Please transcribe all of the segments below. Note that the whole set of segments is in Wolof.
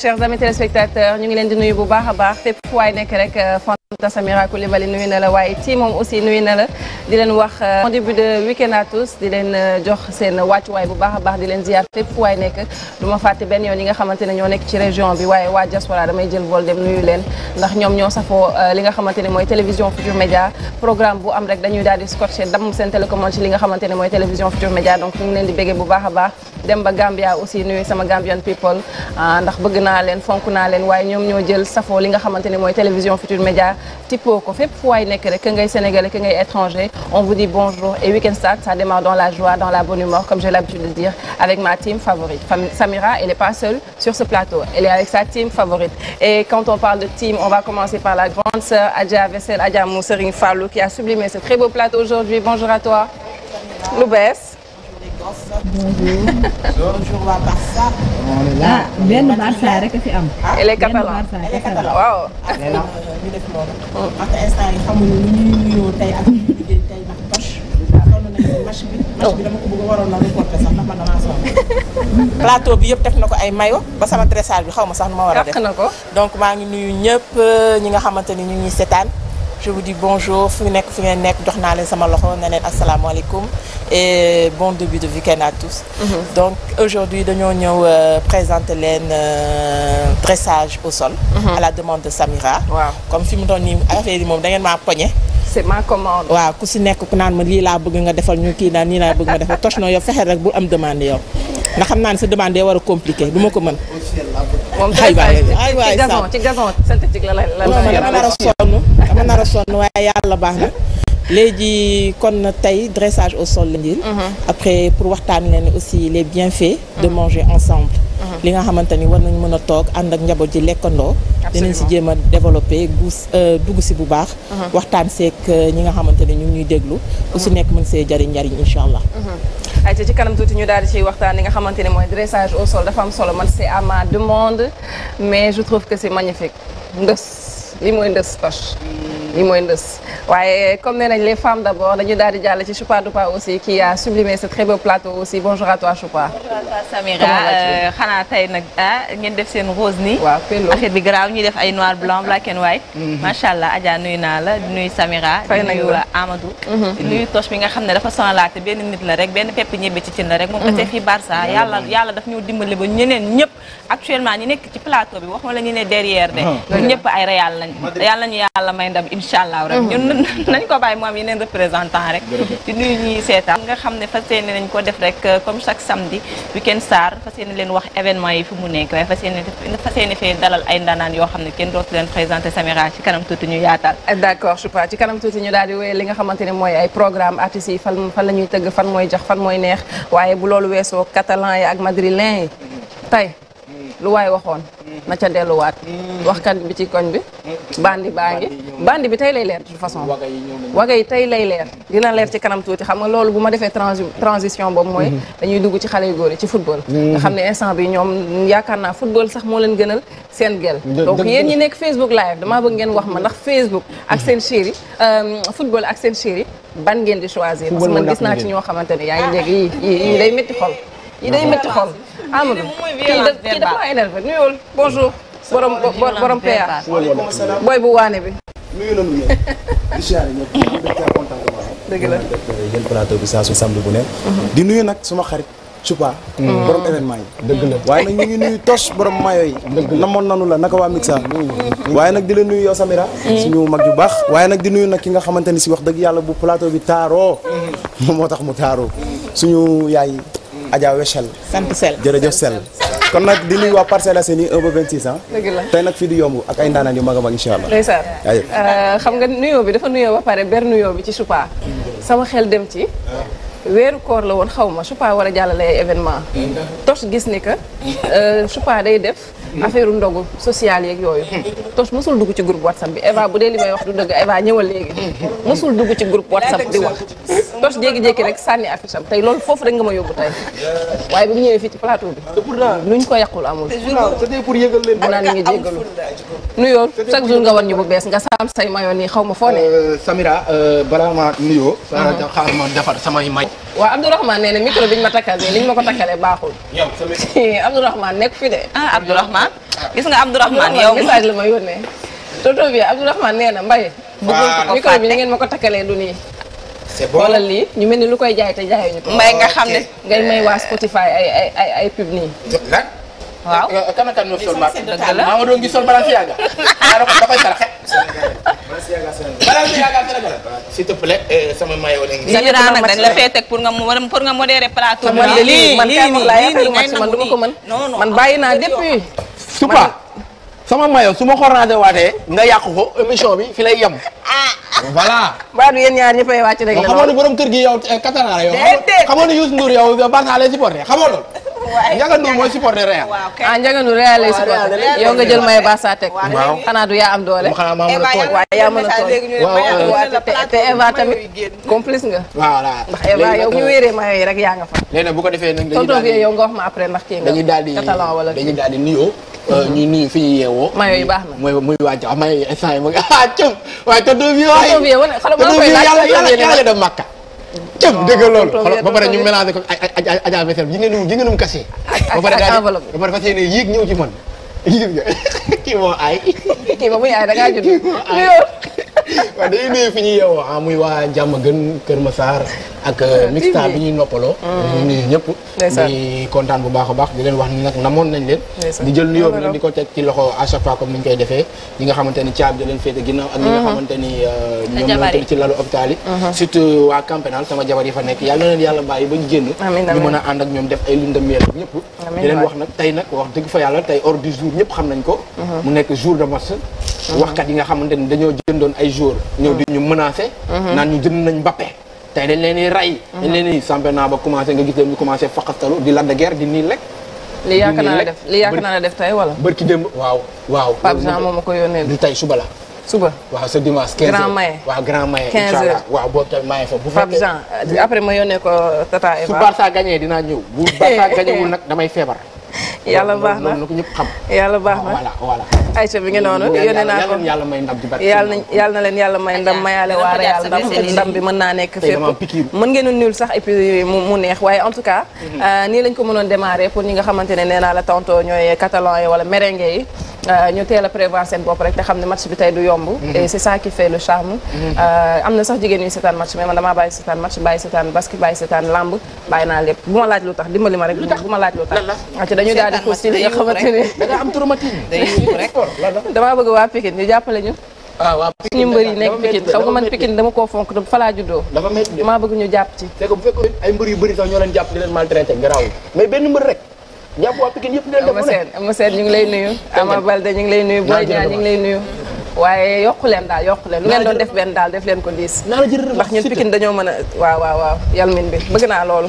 chers amis téléspectateurs ñu ngi leen di nuyu bu baax a baax fépp fu waay nekk rek euh, Fanta Samira Coulibaly nuyu na la waaye ti aussi nuyu na la di leen wax bon euh, début de week-end à tous di leen euh, jox seen wàccuwaay bu baax a baax di leen ziar fépp fu waay nekk du ma fàtte benn yoon yi nga xamante ne ñoo nekk ci région bi waaye waa diaspora damay jël vol dem nuyu leen ndax ñoom ñoo safoo li nga xamante ne mooy télévision Futur Média programme bu am rek dañuy daal di scotché dam li a baax dem ba Gambia aussi nuyu sama Gambian people ah, ndax bëgg na naa leen fonk naa leen waaye ñoom safoo li nga xamante télévision Futur Média tippoo ko fépp waay nekk rek ka ngay étranger on vous dit bonjour et Week-end Stars démarre dans la joie dans la bonne humeur comme j'ai l'habitude dire avec ma team favorite Samira elle n'est pas seule sur ce plateau et quand on parle de team on va commencer par la grande sœur Adja Vessel Adja Moussering Fallou qui a sublimé ce très beau plateau bonjour. bonjour waa ah, Barça. Ah, mm. bi. plateau bi yëpp def na ko ay mayo ba sama dressage bi xaw ma sax nu ma war a def. ko donc maa ngi nuyu ñëpp ñi nga xamante ni ñu ngi seetaan. je vous dis bonjour fu nekk fu ngeen nekk dox naa leen sama loxo ne leen asalaamaaleykum et bon début de week-end à tous. Mhm. donc aujourd'hui dañoo ñëw euh, présenter leen euh, dressage au sol. Mm à la demande de Samira. waaw comme fi mu doon nii affaire yi moom da ngeen maa poñe. c'est ma commande. waaw ku si nekk ku naan ma lii laa bëgg nga defal ñu kii naan nii laa bëgg nga defal tos na yow fexe rek bu am demande yow ndax xam naa ne sa demande yow war compliqué du ma ko mën. moom ay waay ci gazon ci gazon synthétique la lay la lay. dama nar a sonn dama nar a sonn waaye yàlla baax na. léegi kon tey dressage au sol lañu mhm. après pour waxtaan leen aussi les bienfaits de mhm. manger ensemble mhm. li nga xamante ni war nañ mën a toog ànd ak njaboot ji lekkandoo dinañ si jéem a développé guus euh, dugg si bu baax waxtaan seeg euh, ñi nga xamante ni ñu ngi ñuy déglu ku su nekk mën see jariñ njariñ incha allah ay ci kanam tuuti ñu daal di ciy waxtaan li nga xamante ne mooy dressage au sol dafa am solo man c'est à ma demande mais je trouve que c'est magnifique li mooy ndës coche li mooy ndës waaye comme nee nañ les femmes d'abord dañu daal di jàll ci Choupa Doupa aussi qui a sublimé ce très beau plateau aussi bonjour à toi Choupa. Samira euh, xanaa tey nag ah, ngeen def seen rose nii. waaw bi garaaw ñuy def ay noir blanc black and white. Mhm. macha allah Adja nuyu naa la nuyu Samira. fay nañu la Amadou. Mhm. nuyu Toch bi nga xam ne dafa sonalaate benn nit la rek benn pepp ñebe ci cin la rek. moom ko mhm. fii Barça yàlla yàlla daf ñu dimbali ba ñeneen ñëpp actuellement ñi nekk ci plateau bi waxuma la ñu ne derrière de. ñëpp nañ yàlla ñu yàlla may ndam incha allah rek ñun nañ ko bàyyi mu am yeneen représentant rek di nuyu ñuy seetaan nga xam ne fas yéene nañ ko def rek euh, comme chaque samedi weekend star fas yéene leen wax événement yi fi mu nekk waaye fas yéene fas yéene fee dalal ay ndanaan yoo xam ne kenn dootu leen présenté Samira ci kanam tuuti ñu yaatal d'accord Choupa ci kanam tuuti ñu daal di wéyal li nga xamante mooy ay programme artistes yi fan fan la tëgg fan mooy jax fan mooy loolu weesoo catalan yi ak madrilèn yi mm-hmm. tey lu waay na ca delluwaat mm. waxkat bi ci koñ bi mm. bandi baa ngi bandi bi tey lay leer de façon waga yi tey lay leer mm. dina leer ci kanam tuuti xam nga loolu bu ma defee transition boobu mooy mm-hmm. dañuy dugg ci xale yu góor yi ci football mm-hmm. nga xam ne instant bi ñoom yaakaar naa football sax moo leen gënal seen gel donc yéen ñi nekk Facebook live damaa bëgg ngeen wax ma ndax Facebook ak seen chéri euh, football ak seen chéri ban ngeen di choisir parce que man gis naa ci ñoo xamante ne yaa ngi dégg day métti yi day métti xol. Amadou kii da kii dafa maa nuyu nañu di siyaare su samedi mhm. nag suma xarit. Supa. Mhm. borom événement yi. la waaye nag ñu ngi nuyu tos borom mayo yi. dëgg la nanu la naka waa Mixa. Mhm. waaye nag di la nuyu yow Samira. suñu mag yu baax. waaye nag di nuyu nag ki nga xamante ni si wax dëgg yàlla bu plateau bi taaroo. moom moo tax mu taaroo. suñu yaay. Adja Wechel. sant Sel jërëjëf Sel. kon nag di nuyu waa Parcelles Assainies 1 ba 26 ans. Ah. tey nag fii di yomb ak ay ndaanaan yu mag a mag incha allah. ndeysaan euh, xam nga nuyoo bi dafa nuyoo ba pare ber nuyoo bi ci Supa. sama xel dem ci. weeru koor la woon xaw ma Supa war a jàllale ay événement mm. tos gis ni que Supa euh, day def. Mm-hmm. affaire ndogu social yeeg yooyu. Mm-hmm. tos mosul dugg ci groupe whatsapp bi Eva bu dee li may wax du dëgg Eva ñëwal léegi. mosul mm-hmm. dugg ci group whatsapp di wax. tos jékki-jékki rek sànni affiche am tey loolu foofu rek nga ma yóbbu tey waaye bi mu ñëwee fii ci plateau bi. luñ ko yàqul amul. c'était pour yëgal leen. anaan ñu ngi jégalu nuyoo chaque jour nga war ñu bu bees nga saam say mayoon nii xaw ma foo ne. Euh, Samira euh, balaa ma nuyoo. xaar mhm. ma defar samay may. waaw Abdourahmane nee na micro bi ñu ma takkal nii ni ñu ma ko takkalee baaxul. yow tamit Abdourahmane nekk fi de. ah Abdourahmane. Ah. gis nga Abdourahmane yow message la ma yónnee. toto bi Abdourahmane nee na Mbaye. waaw micro bi ni ngeen ma ko takkalee lu nii. c'est bon lii ñu mel ni lu koy jaay te ñu ko. mbay nga xam ne nga may waa Spotify ay ay ay ay nii. waaw eh, eh, kan ak kan ñoo fi sol maak Mamadou ngi sol Balenciaga da koy saraxe Balenciaga Sénégal s'il te plaît eh, sama mayo la ngi ñu daan nag dañ la fee teg pour nga pour nga modérer plateau man lii man kay moom laa yaakaar man man du ma ko mën man bàyyi naa depuis supa sama mayo su ma ko rangé waatee nga yàq ko émission bi fi lay yem voilà Badou yéen ñaar ñi fay wàcc rek la xamoon ne borom kër gi yow katara yow xamoon ne Youssou Ndour yow Barça lay supporté xamoo loolu Ndiaga Ndour mooy supporter Real. ah Ndiaga Ndour Real lay supporter yow nga jël may Barça teg. waaw du yaa am doole. xanaa a yaa mën a tooñ euh, te Eva tamit complice nga. voilà ndax Eva yow ñu euh, wéeree ma yooyu rek yaa nga fa. léegi nag bu ko defee nag dañuy daal di yow nga wax ma après ndax kii nga. dañuy daal di dañuy daal di nuyoo. Euh, mm-hmm. ñu nuyu fi ñuy yeewoo. maa yooyu baax na muy muy waa ah, Jaxaw maa yooyu instant yii moom ah cëm waaye tonton bi waaye. tonton bi yow cëf dëgg loolu ba pare ñu mélangé ko ay ay ay ajaa vaisselle ji nga nu ji nga nu kase ba daal ba pare fas yéene yéeg ñëw ci man gis nga kii moo aay. kii moom muy aay da ngaa judd. kii moo aay waaw dañuy nuyu fi ñuy muy waa jàmm gën Kër Massar. ak mixta bi ñuy noppaloo. ñu nuyu ñëpp. di kontaan bu baax baax di leen wax na na moon nañ leen. di jël nuyoo bi nag di ko teg ci loxo à chaque fois comme ni ñu koy defee. ñi nga xamante ni caab di leen féete ginnaaw. ak ñi nga xamante ni ñoom ñoo tëdd ci lalu hôpital yi. surtout waa campénal sama jabar yi fa nekk yàlla na leen yàlla bàyyi ba ñu génn. ñu mën a ànd ak ñoom def ay lundam yéen ñëpp. di leen wax nag tey nag wax dëgg fa yàlla tey hors du jour ñépp xam nañ ko. Mhm. mu nekk jour de mhm. wax kat yi nga xamante ni dañoo jëndoon ay jour ñëw di ñu menacé. Mhm. naan ñu jënd nañ Mbappé. tey dañ leen di rey. dañ leen di championnat ba commencé nga gis leen ñu commencé faqastalu di Lac de Guiers di nii lekk. li yaakaar naa la def li yaakaar naa la def tey wala. bërki démb waaw. waaw Pape Jean moom ma ko yónnee. du tey suba la. suba waaw sa dimanche 15h grand maye waaw grand maye. 15h waaw boobu tamit maye fa bu fekkee. Pape Jean après ma yónnee ko Tata Eva. dinaa ñëw bu Barça gagné wul nag damay feebar. yàlla baax na loolu ko ñëpp xam. yàlla baax na voilà voilà. ayca bi nga noonu naa ko yàlla may ndam yàlla na yàlla na leen yàlla may ndam bi mën naa nekk fépp a nul sax mu neex waaye en tout cas mhm. euh, nii lañ ko mënoon démarrer pour ñi nga xamante ne nee naa la tantôt ñooy catalan yi wala merengue yi euh, ñu teel a prévoir seen bopp rek te xam ne match bi tey du yomb mhm. et c'est ça qui fait le charme mhm. euh, am na sax jigéen seetaan match mais man damaa bàyyi seetaan match bàyyi seetaan basket seetaan lamb bàyyi dañu daal damaa bëgg waa Pikine ñu jàppale ñu ah waa Pikine suñu mbër yi nekk Pikine xam nga man Pikine dama koo fonk dafa falaa juddoo dafa métti damaa bëgg ñu jàpp ci c'est benn mbër rek jàpp waa Pikine yëpp di def ngi lay nuyu Ama Baldé ngi lay nuyu Boy Niang ñu ngi lay nuyu waaye leen daal yokku leen lu ngeen def benn daal def leen ko diis ndax ñun Pikine dañoo mën a waaw waaw waaw yal min bi bëgg naa loolu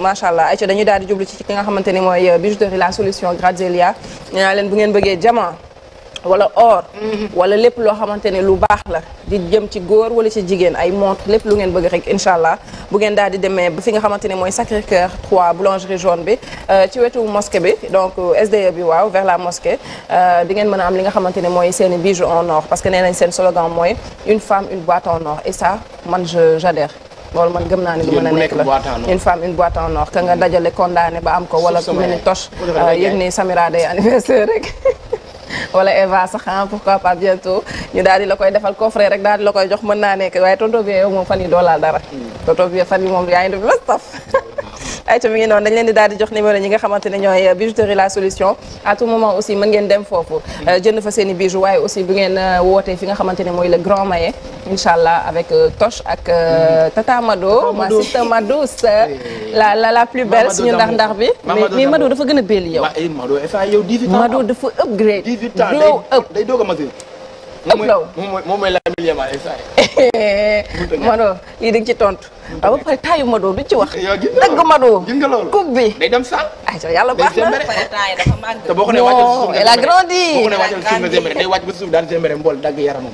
macha allah ayca dañuy daal di jublu ci ki nga xamante ni mooy euh, bijouterie la solution Grazelia nee naa leen bu ngeen bëggee diamant wala or mhm. wala lépp loo xamante ne lu baax la di jëm ci góor wala ci jigéen ay montre lépp lu ngeen bëgg rek incha allah bu ngeen daal di demee ba fi nga xamante ne mooy Sacré Cœur 3 boulangerie jaune bi euh, ci wetu mosquée bi donc euh, SDE bi waaw vers la mosquée di ngeen mën a am li nga xamante ne mooy seen i bijoux en or parce que nee nañ seen slogan mooy une femme une boîte en or et loolu man gëm naa ne lu mën a nekk la une femme une boîte en or ka nga dajale condamné ba am ko wala ku mel ni Toch euh, yëg ni Samira day anniversaire rek wala Eva sax ah pourquoi pas bientôt ñu daal di la koy defal coffret rek daal di la koy jox mën naa nekk waaye ton bi yow moom fan yi doo laal dara hmm. tonton bi fan yi moom yaa ngi def ayca mi ngi noonu dañ leen di daal di jox numéro ñi nga xamante ne ñooy bijouterie la solution à tout moment aussi mën ngeen dem foofu euh, jënd fa seen i waaye aussi bu ngeen euh, wootee fi nga xamante ne mooy le grand maillet incha allah avec euh, Toch ak mm-hmm. Tata Mado ma sista Mado sa la la la plus belle suñu ndax ndax bi mais Mado dafa gën a belli yow eh, Mado eh, dafa upgrade glow up ëpp law moom mooy la millième eh, ay saa yi Mado lii di ci tontu waaw ba pare taayu Mado du ci wax. dagg Mado. gis nga loolu coupe bi day dem sax. ayca yàlla baax na te boo ko nee wàccal si suuf elle a grandi boo ko nee wàccal si suuf day wàcc ba suuf daan Zembere mbool dagg yaramam.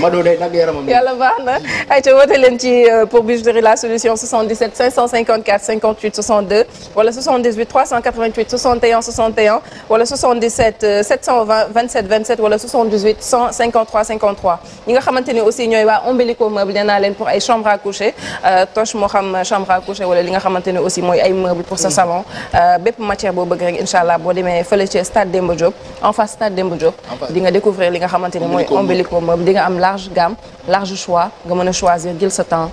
Mado day dagg yaramam. yàlla baax na ayca woote leen ci euh, pour bijouterie la solution 77 554 58 62 wala 78 388 61 61 wala 77 720 27 27 wala 78 153 53 ñi nga xamante ni aussi ñooy waa Ombilico Meuble nee naa leen pour ay chambre à coucher. Euh, toche moo xam chambre à coucher wala li nga xamante ne aussi mooy ay meuble pour sa mm. salon euh, bépp matière boo bëgg rek incha allah boo demee fële stade Demba Diop en face stade Demba Diop di découvrir li nga xamante ne mooy ombilico meuble di nga am large gamme large choix nga mën a choisir jël sa temps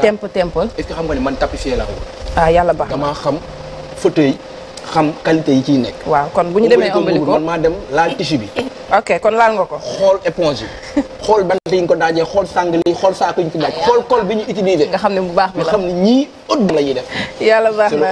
temp temp est-ce xam nga ne man tapissier laa ah yàlla baax dama xam fauteuil xam qualité yi ciy nekk waaw kon bu ñu demee ombilico man maa dem laal tissu bi ok kon laal nga ko. xool éponge yi xool bant yi ko daajee xool sàng li xool xool col bi ñu utilisé. nga xam ne bu baax bi la nga xam ne ñii ëpp la yàlla baax na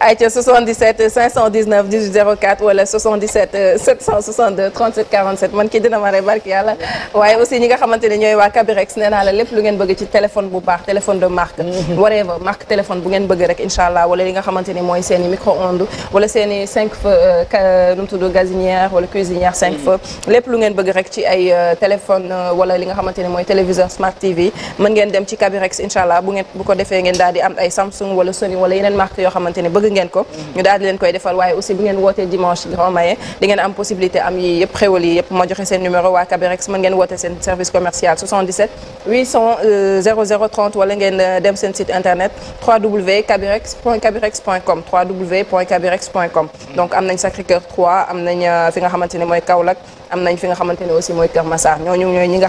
ayca 77 519 18 04 wala 77 762 37 47 man kii dina ma rey barki yàlla waaye aussi ñi nga xamante ne ñooy waa Kabirex nee naa la lépp lu ngeen bëgg ci téléphone bu baax téléphone de marque. Mm-hmm. whatever marque téléphone bu ngeen bëgg rek incha allah wala li nga xamante ne mooy seen micro ondes wala seen i cinq feux euh, nu mu tudd lépp lu ngeen bëgg rek ci ay euh, téléphone euh, wala li nga xamante ne mooy téléviseur smart TV mën ngeen dem ci Kabirex incha allah bu ngeen bu ko defee ngeen daal di am ay Samsung wala Sony wala yeneen marque yoo xamante bëgg ngeen ko mm-hmm. ñu daal di leen koy defal waaye aussi bu ngeen wootee dimanche grand maye di ngeen am possibilité am yi yëpp xéwal yi yëpp ma joxe seen numéro waa Kabirex mën ngeen wootee seen service commercial 77 800 00 30 wala ngeen euh, dem seen site internet www.kabirex.kabirex.com www.kabirex.com mm-hmm. donc am nañ Sacré-Cœur 3 am nañ xamante ne mooy Kaolack am nañ fi nga xamante ne aussi mooy Kër Massar ñooñu ñooy ñi nga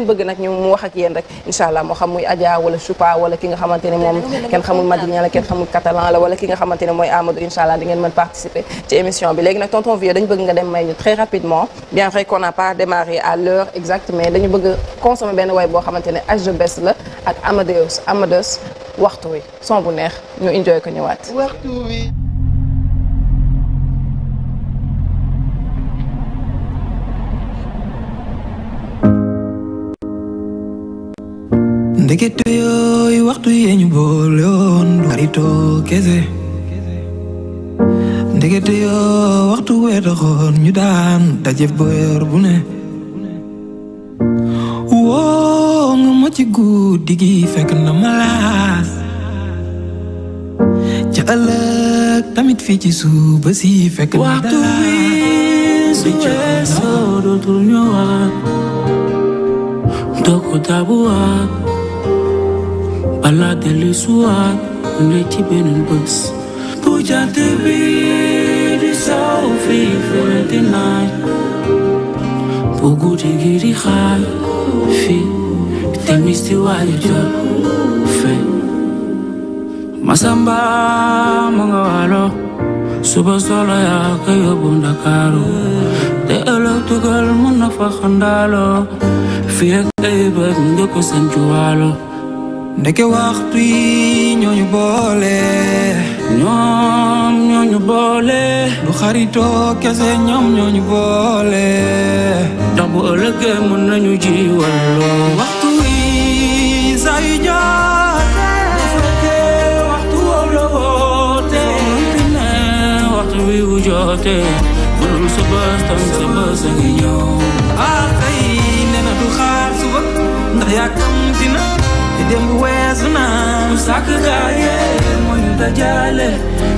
ngeen bëgg nag ñu mu wax ak yéen rek incha allah moo xam muy Adja wala Choupa wala ki nga xamante ne moom kenn xamul madrilien la kenn xamul catalan la wala ki nga xamante ne mooy Amadou incha allah di ngeen participer ci émission bi léegi nag tonton vieux dañu bëgg nga dem may très rapidement bien vrai qu'on pas démarré à l'heure exacte mais dañu bëgg consommer benn way boo xamante ne age de bes la ak Amadeus Amadeus waxtu wi son bu neex ñu enjoy ko ñëwaat waxtu wi ndekete yooyu waxtu yee ñu boole woon du xaritoo kese ndekete yoo waxtu wee taxoon ñu daan daje boor bu ne woo nga ma ci guddi gi fekk na malaas ca ëllëg tamit fii ci suba si fekk na waxtu wi su weesoo dootul ñëwaat doo ko balaa dellu suwaat ne ci beneen bés bu jant bi di saw fii fële di naaj bu guddi gi di xaar fii timis di waaj fee Masamba ma nga waalo suba solo yaa ko yóbbu Ndakaaru te ëllëg dugal mun na xandaalo fii ak ay bët nga ko sancuwaalo ndeke waxtu yi ñoo ñu boole ñoom ñoo ñu boole du xaritoo kese ñoom boole ndax bu ëllëgee mën nañu ji walloo waxtu yi saa yu waxtu woowu woote ne waxtu wi wu jootee bu dul sa bës tam sa bës a na du xaar suba ndax yàkkamti na démb weesu naa mu sàkk gaaye moo ñu dajale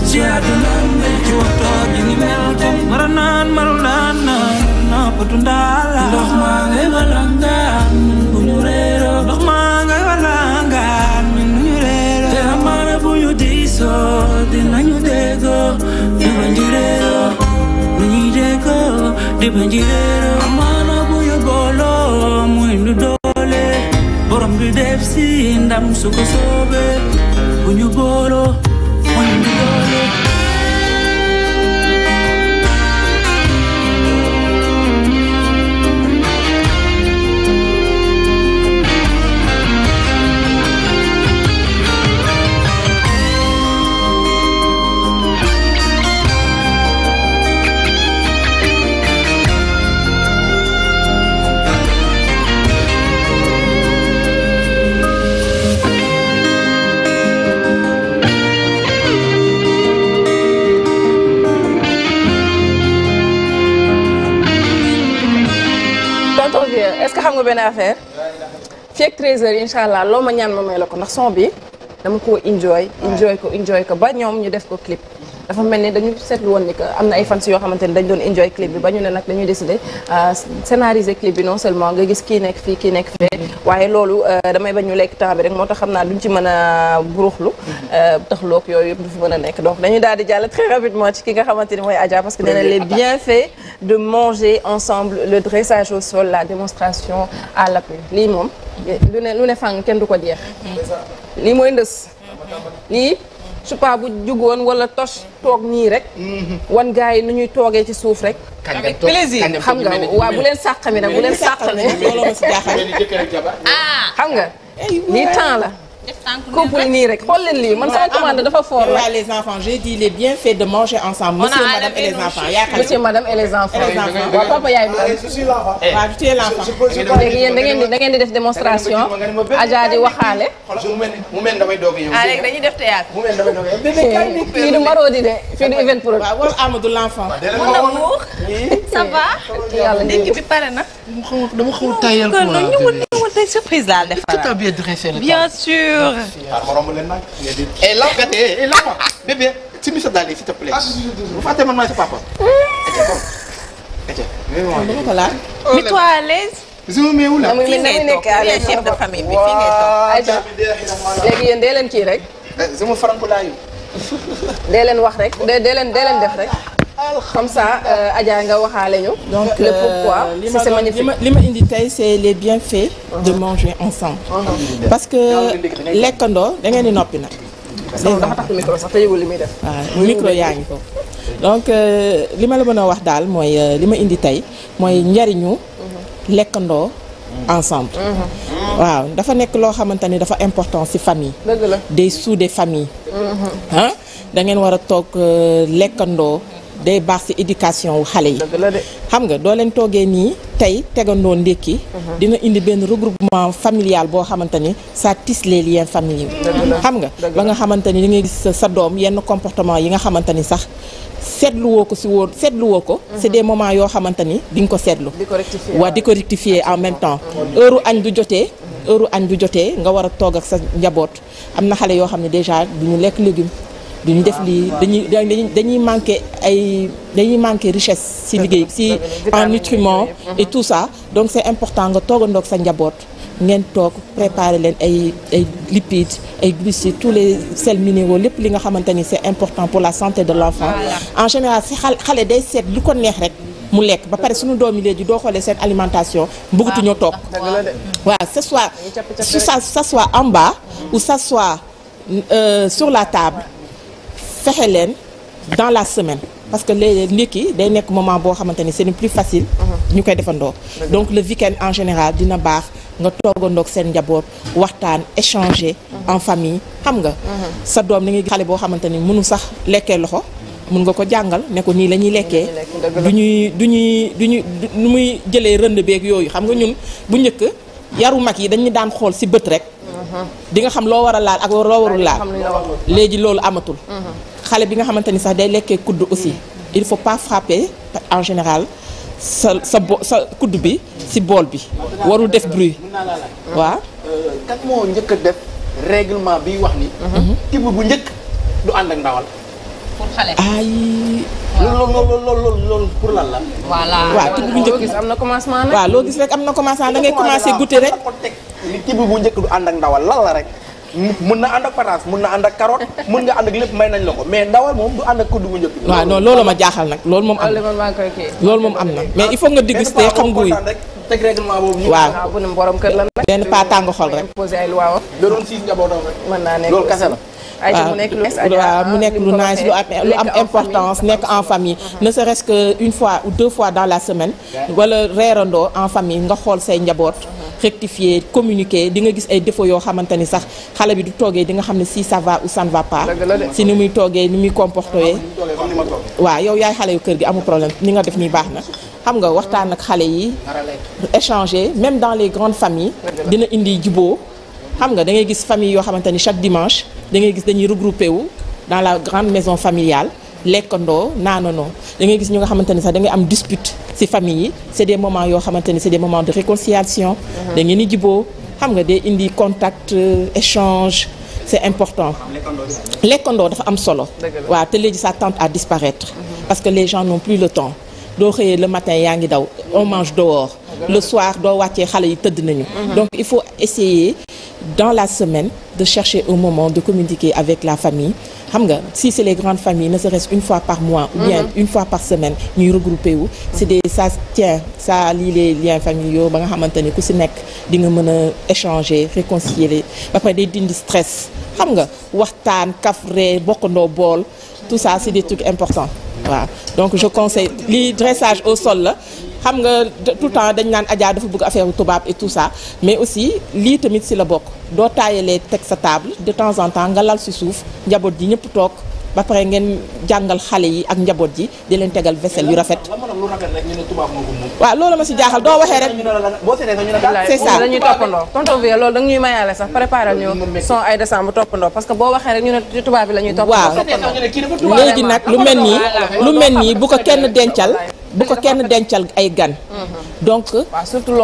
ci àdduna bi ci waxtu ji ni mel tey mara naan maru naan naan noppatu ndaala ndox maa ngay walangaan ñun bu ñu réeroo ndox maa ngay walangaan ñun bu ñu réeroo te amaana bu ñu diisoo dinañu déggoo di ba njiréeroo bu ñuy déggoo di ba njiréeroo bi def si ndam su ko soobee bu ñu booloo ma benn affaire fii ak allah loo ma ñaan ma may la ko ndax son bi dama ko enjoy enjoy ko enjoy ko ba ñoom ñu def ko clip. dafa mel ni dañu seetlu woon ni que am na ay fans yoo xamante ni dañ doon enjoy clip bi ba ñu ne nag dañuy décider euh, scénariser clip bi non seulement nga gis kii nekk fii ki nekk fee waaye loolu euh, damay bañ ñu lekk temps bi rek moo tax xam naa duñ ci mën a buruxlu euh, yooyu yëpp du fi mën a nekk donc dañuy daal di jàll très rapidement ci ki nga xamante ni mooy Adja parce que nee na les bienfaits de manger ensemble le dressage au sol la démonstration à l'appui lii moom lu ne lu ne fàng kenn du ko jeex lii mooy Soupa bu jugoon wala tos toog nii rek. Mhm. wan gars yi nu ñuy toogee ci suuf rek. avec plaisir xam nga waaw bu leen sàqami nag bu leen sàqami. Ah. xam nga lii temps la. couple nii rek xool leen lii man sama ah, commande dafa fort la de manger ensemble monsieur madame et les enfants yaakaar monsieur madame et les enfants waaw papa yaay bi waaw tu es l'enfant léegi yéen da ngeen di da ngeen di def démonstration Adja di waxaale mu mel damay doog ñëw ah léegi dañuy def théâtre mu mel damay doog ñëw fii du Marodi de fii du event pro waaw wala Amadou l'enfant mon amour ça va yàlla ndekki bi pare na dama xaw sûr. xaaral romb leen nag. eh law gàtt eh law ma bébé si misa daal yi s'il te plaît. bu fàttee man maay sa papa. Mmh. Oh, mais toi à l'aise. zoom yi wula. fii ngay toog fii chef de famille bi fii ngay toog. léegi yéen dee leen kii rek. Eh, zoom farankulaayu. dee leen wax rek dee dee leen dee def rek. xam ça euh, Adja nga waxaale ñu. donc le euh, pourquoi c'est magnifique li ma indi tey c'est les bienfaits. de uh-huh. manger ensemble. Uh-huh. parce que lekkandoo da ngeen di noppi nag. dafa tax micro sax te yëgul li muy def. waaw ah, micro yaa ngi ko. donc euh, li ma la mën a wax daal mooy li ma indi tey mooy njariñu uh-huh. lekkandoo ensemble. waaw dafa nekk loo xamante ni dafa important ci famille. dëgg la day suude famille. ah da ngeen war a toog euh, lekkandoo. day baax ci éducation wu xale yi. xam nga doo leen toogee nii tey tegandoo ndékki. Mm-hmm. dina indi benn regroupement familial boo xamante ni ça tisse les liens familiaux. xam nga ba nga xamante ni da ngay gis sa doom yenn comportement yi nga xamante ni sax seetlu woo ko ci woon seetlu woo ko. c'est mm-hmm. des moments yoo xamante ni di nga ko seetlu. di ko di ko rectifier en même temps heure añ du jotee. heure añ bu jotee nga war a toog ak sa njaboot am na xale yoo xam ne déjà du ñu lekk légume duñu def lii dañuy dañuy dañuy manqué ay dañuy manqué richesse ci liggéey ci en nutriments et tout ça donc c'est important nga toogandoog sa njaboot ngeen toog préparer leen ay ay lipides ay glucides tous les sels minéraux lépp li nga xamante ni c'est important pour la santé de l'enfant en général si xale day seet lu ko neex rek mu lekk ba pare suñu doomi léegi doo xoolee seen alimentation bëggatuñoo toog ah, waaw ce soit su ça ça soit en bas ou ça soit euh, sur la table fexe leen dans la semaine parce que léeg-léeg day nekk moment boo xamante ni c'est le plus facile mhm. ñu koy defandoo donc le week en général dina baax nga toogandoog seen njaboot waxtaan échangé mhm. en famille xam nga mhm. sa doom ni ngi xale boo xamante ni mënu sax lekkee loxo mun nga ko jàngal ne ko nii la ñuy lekkee du ñuy du ñuy du ñuy nu muy jëlee rënd beeg yooyu xam nga ñun bu njëkk yaru mag yi dañu daan xool si bët rek mhm. di nga xam loo war a laal ak loo warul laal léegi loolu amatul mhm. xale bi nga xamante ni sax day lekkee kudd aussi il faut pas frapper en général sa sa bo sa kudd bi si bool bi warul def bruit waaw euh, kan njëkk a def bi wax ni mhm. bu njëkk du ànd ak pour xale. ay loolu loolu loolu loolu pour la. voilà waaw tudd bu njëkk loo na commencement nag. waaw loo gis rek am na commencement da ngay commencé goûter rek. tibb bu njëkk du ànd ak ndawal lan la rek. mën na ànd ak pataas mën na ànd ak carotte mën nga ànd ak lépp may nañ la ko mais ndawal moom du ànd ak kudd bu njëkk bi. waaw loolu ma jaaxal nag loolu moom am loolu moom am na mais il faut nga déguster xam nga yi teg ah, ne loolu kese la. mu nekk mu nekk lu ah, nice lu am importance nekk en famille uh-huh. ne serait resque que une fois ou deux fois dans la semaine wala reerandoo en famille nga xool say njaboot uh-huh. rectifier communiquer di nga gis ay défauts yoo xamante ni sax xale bi du toogee di nga xam ne si ça va ou ça ne si ni muy toogee ni muy comporter ah, waa yow yaay xale yu kër gi amul problème ni nga def nii baax na xam nga waxtaan ak xale yi échanger même dans les grandes familles dina indi juboo xam nga dangay gis famille yoo xamante ni chaque dimanche da gis dañuy regroupé wu dans la grande maison familiale lekkandoo naanandoo da ngay gis ñu nga xamante ni sax da ngay am dispute ci famille yi c'est des moments yoo xamante ni c'est des moments de réconciliation mhm. da ngeen di jiboo xam nga day indi contact euh, échange c'est important lekkandoo dafa am solo waaw te léegi ça tend à disparaître mhm. parce que les gens n'ont plus le temps doo xëyee le matin yaa ngi daw on mange dehors le soir doo wàccee xale yi tëdd nañu mhm. donc il faut essayer dans la semaine de chercher un moment de communiquer avec la famille xam nga si c'est les grandes familles ne serait-ce une fois par mois ou bien mhm. une fois par semaine ñuy regrouper wu c'est des ça tient ça lie les liens familiaux ba nga xamante ni ku si nekk di nga mën a échanger réconcilier les ba pare day dindi stress xam nga waxtaan kaf ree bokkandoo bool tout ça c'est des trucs importants waaw donc je conseil lii dressage au sol la xam nga tout temps dañ naan Adja dafa bëgg affaire tubaab et tout ça mais aussi lii tamit si la bokk doo taayalee teg sa table de temps en temps nga lal si suuf njaboot ji ñëpp toog ba pare ngeen jàngal xale yi ak njaboot yi di leen tegal vaisselle yu rafet. waaw loolu ma si jaaxal doo waxee rek. c'est ça dañuy toppandoo tonton Vieux loolu da ñuy mayaale sax préparer ñu son ay décembre toppandoo parce que boo waxee rek ñu ne tubaab bi la ñuy toppandoo léegi nag lu mel nii lu mel nii bu ko kenn dencal bu ko kenn dencal ay gan mhm. donc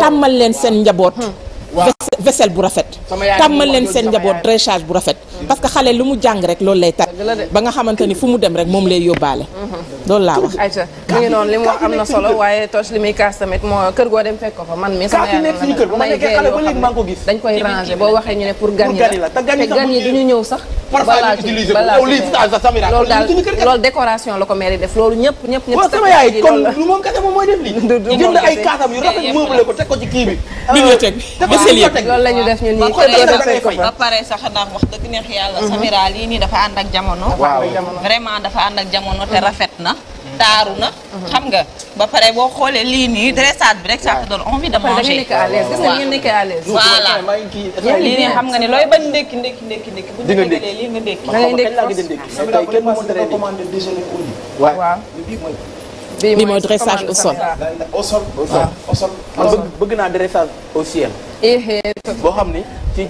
tàmmal leen seen njaboot mhm. vaisselle bu rafet tàmmal seen njaboot dressage bu rafet parce que xale lu mu jàng rek loolu lay tar ba nga xamante fu mu dem rek moom lay yóbbaale loolu laa wax ayca mu ngi noonu li mu wax am na solo waaye toos li muy kaas tamit kër goo dem fekk ko fa man mi sama yaay loolu daal loolu la ko mairie def loolu ñëpp ñëpp sama yaay kon lu moom kese moom mooy def li jënd ay kaasam yu rafet meuble ko teg ko ci kii bi bibliothèque bi la ñu def ñun ñii kër ko ba pare sax ndax wax dëgg neex yàlla. Mhm. Samira lii nii dafa ànd ak dafa ànd ak jamono te mhm. na. taaru na. Mhm. xam nga ba pare boo xoolee lii nii dressage bi rek sa te donne envie de manger. da nga nekk à l'aise gis nga voilà lii nii xam nga ne looy bañ ndékki ndékki ndékki ndékki. bu ñu déggee lii nga ndékki. da mooy dressage au naa dressage au ciel. Eh, eh, eh, boo xam ni ci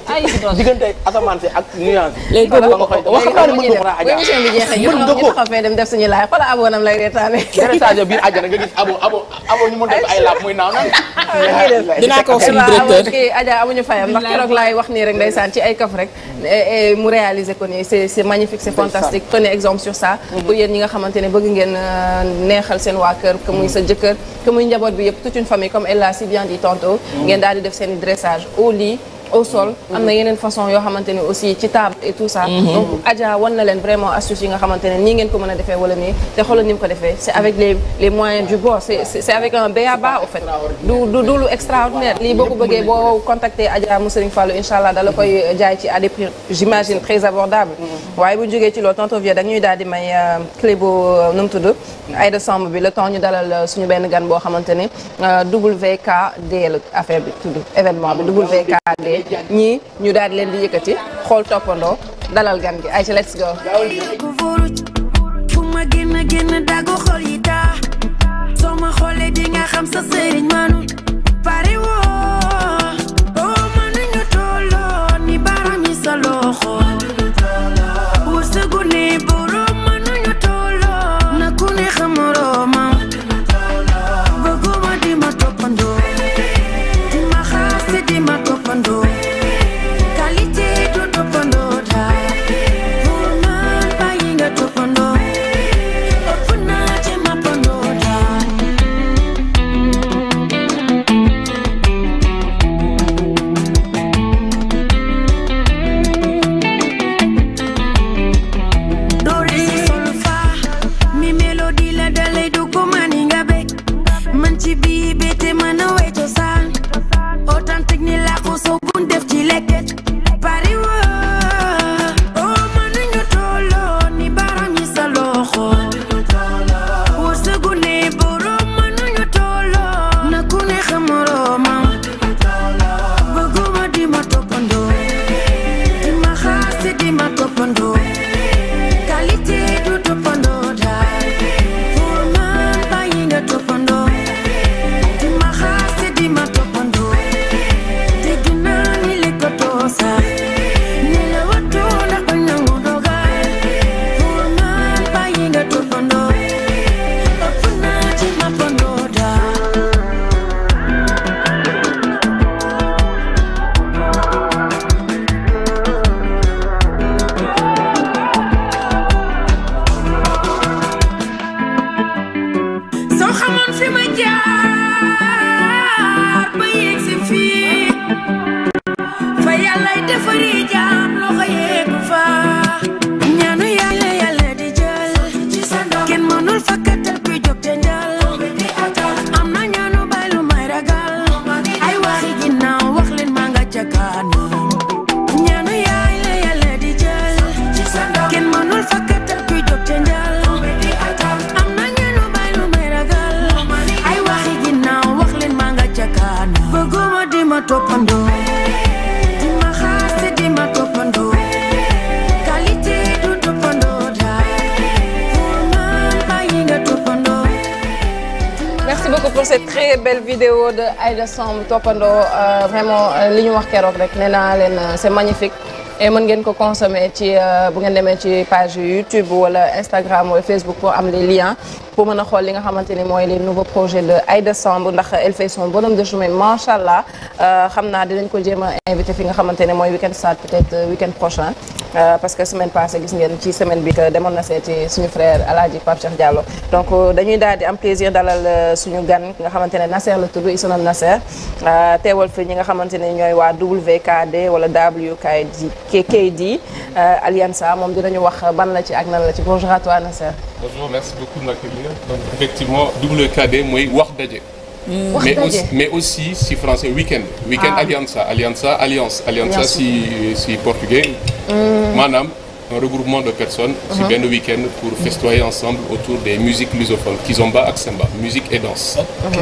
diggante asamaan si ak nuance léegi wax nga ne mën nga ko émission bi jeexee ñu taxaw fee dem def suñu laay xoola aboo nam lay reetaane retage biir àjjana ñu mën def ay laab muy naaw naan dinaa wax suñu directeur kii Adja amuñu fayam ndax keroog laay wax ci ay kaf rek mu réaliser ko nii c'est c'est magnifique c'est fantastique prenez exemple sur ça mm-hmm. pour yéen ñi nga xamante ne bëgg ngeen euh, neexal seen waa kër que muy mm-hmm. sa jëkkër que muy njaboot bi yëpp toute une famille comme elle l'a si bien dit tantôt mm-hmm. ngeen daal di def seen message au lit au sol am na yeneen façon yoo xamante ne aussi ci table et tout ça mhm. donc Adja wan na leen vraiment astuce yi nga xamante ne nii ngeen ko mën a defee wala nii te xoolal ni mu ko defee c'est avec les les moyens du bord c'est avec un b.a.-ba au du du lu extraordinaire lii boo ko bëggee boo contacter Adja mu Serigne Fallou allah dala koy jaay ci à des prix j'imagine très abordable mhm. waaye bu ñu jógee ci loolu tantôt vie dañuy daal di may euh, clé bu euh, nu tudd ay décembre bi le temps ñu dalal euh, suñu benn gan boo xamante ne WKD la affaire bi tudd bi WKD ñii ñu daal di leen di yëkkati xool toppandoo dalal gan gi ay ci let's go pare woo oo oh, mënuñu tolloo ni baram yi sa loxo merci beaucoup pour cette très belle vidéo de Aïda Samb toppandoo euh, vraiment euh, li ñu wax keroog rek nee naa leen euh, c'est magnifique et mën ngeen ko consommer ci bu ngeen demee ci page YouTube wala Instagram wala Facebook pour am les liens pour mën a xool li nga xamante ni mooy les nouveaux projet de Aïda Samb ndax elle fait son bonhomme de chemin macha allah xam naa dinañ ko jéem a invité fi nga xamante ne mooy week-end start peut-être week-end prochain. Euh, parce que semaine passée gis ngeen ci semaine bi que demoon na seeti suñu frère Alaaji Pape Cheikh Diallo donc euh, dañuy daal di plaisir dalal euh, suñu gan nga xamante ne Nasser la tudd il sonal teewal fi ñi nga xamante ne ñooy waa WKD wala WKD Alianza moom dinañu wax ban la ci ak nan la ci bonjour à toi bonjour merci beaucoup Nakiria donc mooy wax daje. Mm. mais aussi mais aussi si français weekend weekend ah. alianza alianza alliance alianza si si portugais mm. maanaam un regroupement de personnes ci uh-huh. benn week-end pour festoyer ensemble autour des musiques lusophones kizomba ak samba musique et danse waaw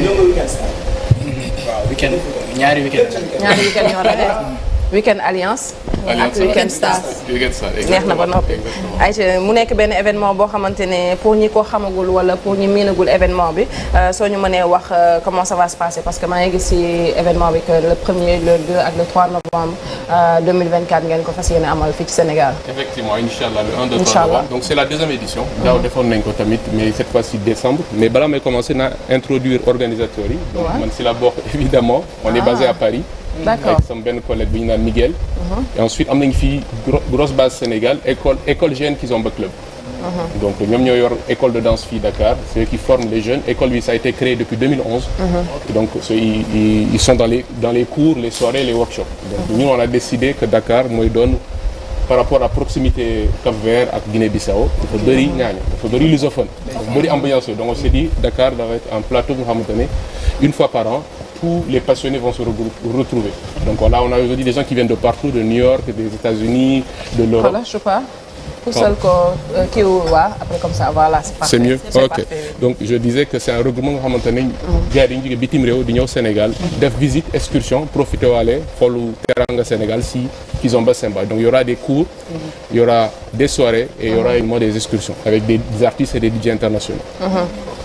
week-end ñaari week-end ñaari week-end weekend alliance. ak weekend stars neex na ba noppi. ay mu nekk benn événement boo xamante ne pour ñi ko xamagul wala pour ñi miinagul événement bi euh, soo ñu mënee wax euh, comment ça va se passer parce que maa ngi gis si événement bi que le premier le 2 ak le 3 novembre euh, ngeen ko fas yéene amal fii Sénégal. donc c' est la deuxième édition. daaw defoon nañ ko tamit mais cette fois ci décembre. mais balaa may commencer naa introduire organisateurs yi. donc man la bokk évidemment on est ah. d'accord ak sama benn collègue bu ñu naan Miguel. Mhm. et ensuite am nañu fii grosse base Sénégal école école jeune Kizomba Club. Mhm. donc ñoom ñoo yor école de danse fi Dakar c'est qui forment les jeunes école bi a été créé depuis 2011. Mhm. donc ils ils sont dans les dans les cours les soirées les workshops. donc ñun on a décidé que Dakar mooy doon par rapport à proximité Cap-Vert ak Guinée-Bissau. dafa bëri ñaañu dafa bëri lusophone. dafa bëri ambiance donc on s'est dit Dakar dafa être un plateau tous les passionnés vont se retrouver. Donc là, on a aujourd'hui des gens qui viennent de partout, de New York, des États-Unis, de l'Europe. Voilà, je pas. Euh, après c'est mieux, Donc je disais que c'est un regroupement nga xamante mm. bitim réew di ñëw Sénégal def visite excursion profité waale xoolu Sénégal si Kizomba Simba donc il y aura des cours il mm-hmm. y aura des soirées et il y des excursions et des DJ internationaux mm-hmm.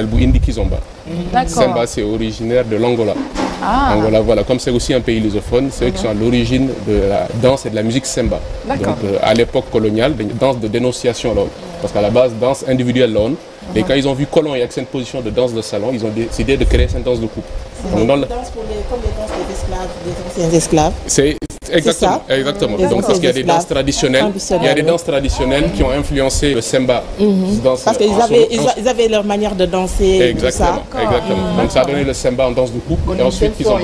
culturelle bu indi Kizomba. Simba c'est originaire de l'Angola. Ah. Angola voilà comme c'est aussi un pays lusophone c'est eux qui sont à l'origine de la danse et de la musique Simba. Donc euh, à l'époque coloniale danse de dénonciation la parce qu'à la base danse individuelle la Mais quand ils ont vu Colomb et avec cette position de danse de salon, ils ont décidé de créer le... danse parce qu'il y a des danses traditionnelles, il y a des danses traditionnelles qui ont influencé le semba. Mhm. parce qu'ils avaient, ils leur manière de danser. Exactement, tout ça. exactement. a donné le semba en danse de couple. Et ensuite ils ont.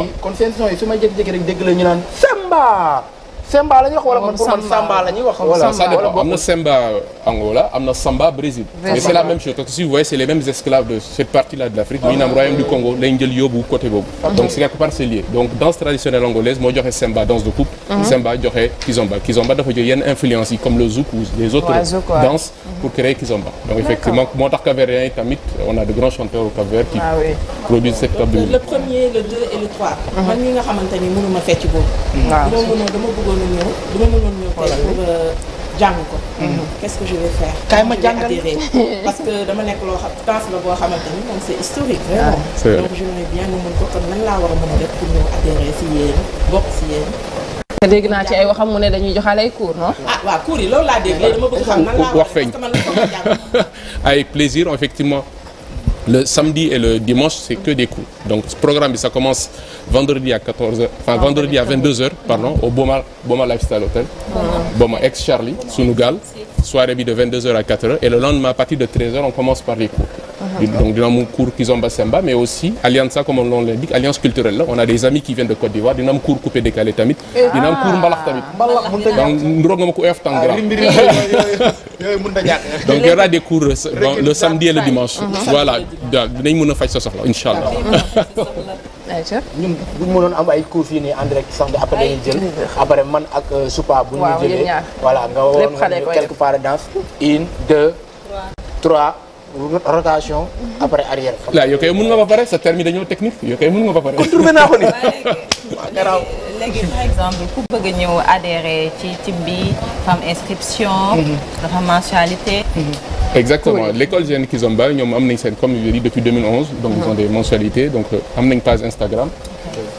Semba. Semba la wax wala man pour man wax. voilà ça dépend na Semba Angola am na Samba Brésil. mais c'est la même chose partie-là de l'Afrique. ñu naan royaume du Congo lañ jël yóbbu côté boobu. donc c'est quelque part donc danse traditionnelle angolaise moo joxe Semba danse de coupe. Mhm. Semba joxe Kizomba Kizomba dafa jël yenn influence comme le zouk ou les autres danses pour créer Kizomba. donc effectivement moo tax Cap-Verdien tamit on a de grands mënoon a du ma mënoon ñëw euh, ko mm-hmm. qu'est-ce ma jàngal parce que dama nekk loo xam temps la boo xamante ni ah, ko kon laa war a mën a def pour ñëw adhérer si yéen bokk si yéen te dégg naa ci ay waxam mu ne dañuy joxaale ay cours non. ah waaw cours yi loolu wax feeñ ay plaisir effectivement le samedi et le dimanche c'est que des cours donc ce programme bi ça commence vendredi à 14h enfin vendredi à 22h pardon au Boma Boma Lifestyle Hotel Boma ex Charlie Sunugal soirée bi de 22h à 4h et le lendemain à partir de 13h on commence par les cours. Uh -huh. donc dina Semba mais aussi Alianza comme on l'indique alliance culturelle on a des amis qui viennent de Côte d'Ivoire dina cours coupé décalé tamit. dina ah. cours mbalax tamit. donc ndox nga ma le samedi et le dimanche. Mhm. voilà dinañ mën a faj sa soxla incha allah. ñun bu ñu mënoon am ay cours fii nii en direct sax après dañuy jël après man ak euh, Soupa bu ñu jëlee voilà nga waroon quelque part danse une deux trois rotation après arrière. waaw yow kay mën nga ba pare sa terme yi dañoo technique yow kay mën nga ba pare. contourné naa ko ni waaw léegi par exemple ku bëgg a ñëw adhérer ci ci bi femme inscription. Mhm. dafa mensualité. Mhm. exactement l'école Jeune Kizomba ñoom am nañ seen comme je l'ai dit depuis 2011. donc ils ont des mensualités donc euh, am nañ page Instagram.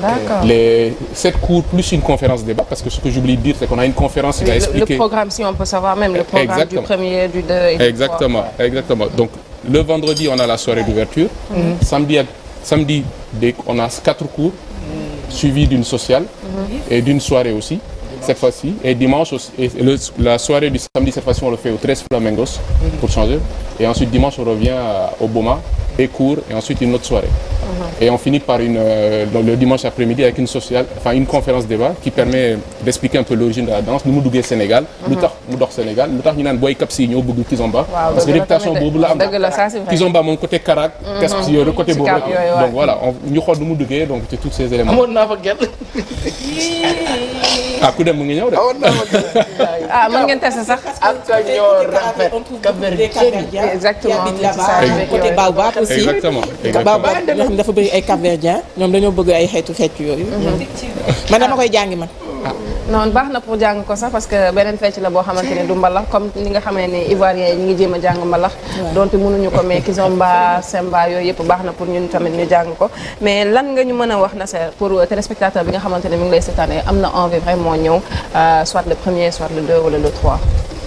D'accord. Les sept cours plus une conférence débat, parce que ce que j'oublie de dire, c'est qu'on a une conférence qui va expliquer. Le programme, si on peut savoir, même le programme du premier, Exactement, Donc, le vendredi, on a la soirée d'ouverture. Mm -hmm. Samedi, on a quatre cours, mm -hmm. suivis d'une sociale mm-hmm. et d'une soirée aussi cette fois-ci. Et dimanche, la soirée du samedi, cette fois-ci, on le fait au 13 Flamingos, mm-hmm. pour changer. Et ensuite, dimanche, on revient au Boma et cours, et ensuite une autre soirée. Uh -huh. Et on finit par une, euh, le dimanche après-midi avec une, sociale, enfin, une conférence débat qui permet d'expliquer un peu l'origine de la danse. Nous, nous Sénégal, nous uh-huh. sommes Sénégal, nous sommes Boy Kapsi, nous sommes Kizomba. Parce que réputation Boboula, Kizomba, mon côté Karak, Kapsi, uh-huh. le côté Boboula. Donc voilà, nous sommes nous Dougé, donc tous ces éléments. ah ku dem mu ngi ñëw de. ah mën ngeen exactement qui habitent là-bas côté Baobab aussi exactement Baobab nga xam dafa bëri ay Cap-Verdiens ñoom dañoo bëgg ay xeetu fecc yooyu mhm. man dama koy jàngi man ah. non baax na pour jàng ko sax parce que beneen fecc la boo xamante ne du mbalax comme ni nga xamee ne ivoirien yi ñu ngi jéem a jàng mbalax donte mënuñu ko mais kizomba semba yooyu yëpp baax na pour ñun tamit ñu jàng ko mais lan nga ñu mën a wax na Nasser pour téléspectateur bi nga xamante ne mi ngi lay seetaan am na envie vraiment ñëw euh, soit le premier soit le deux wala le trois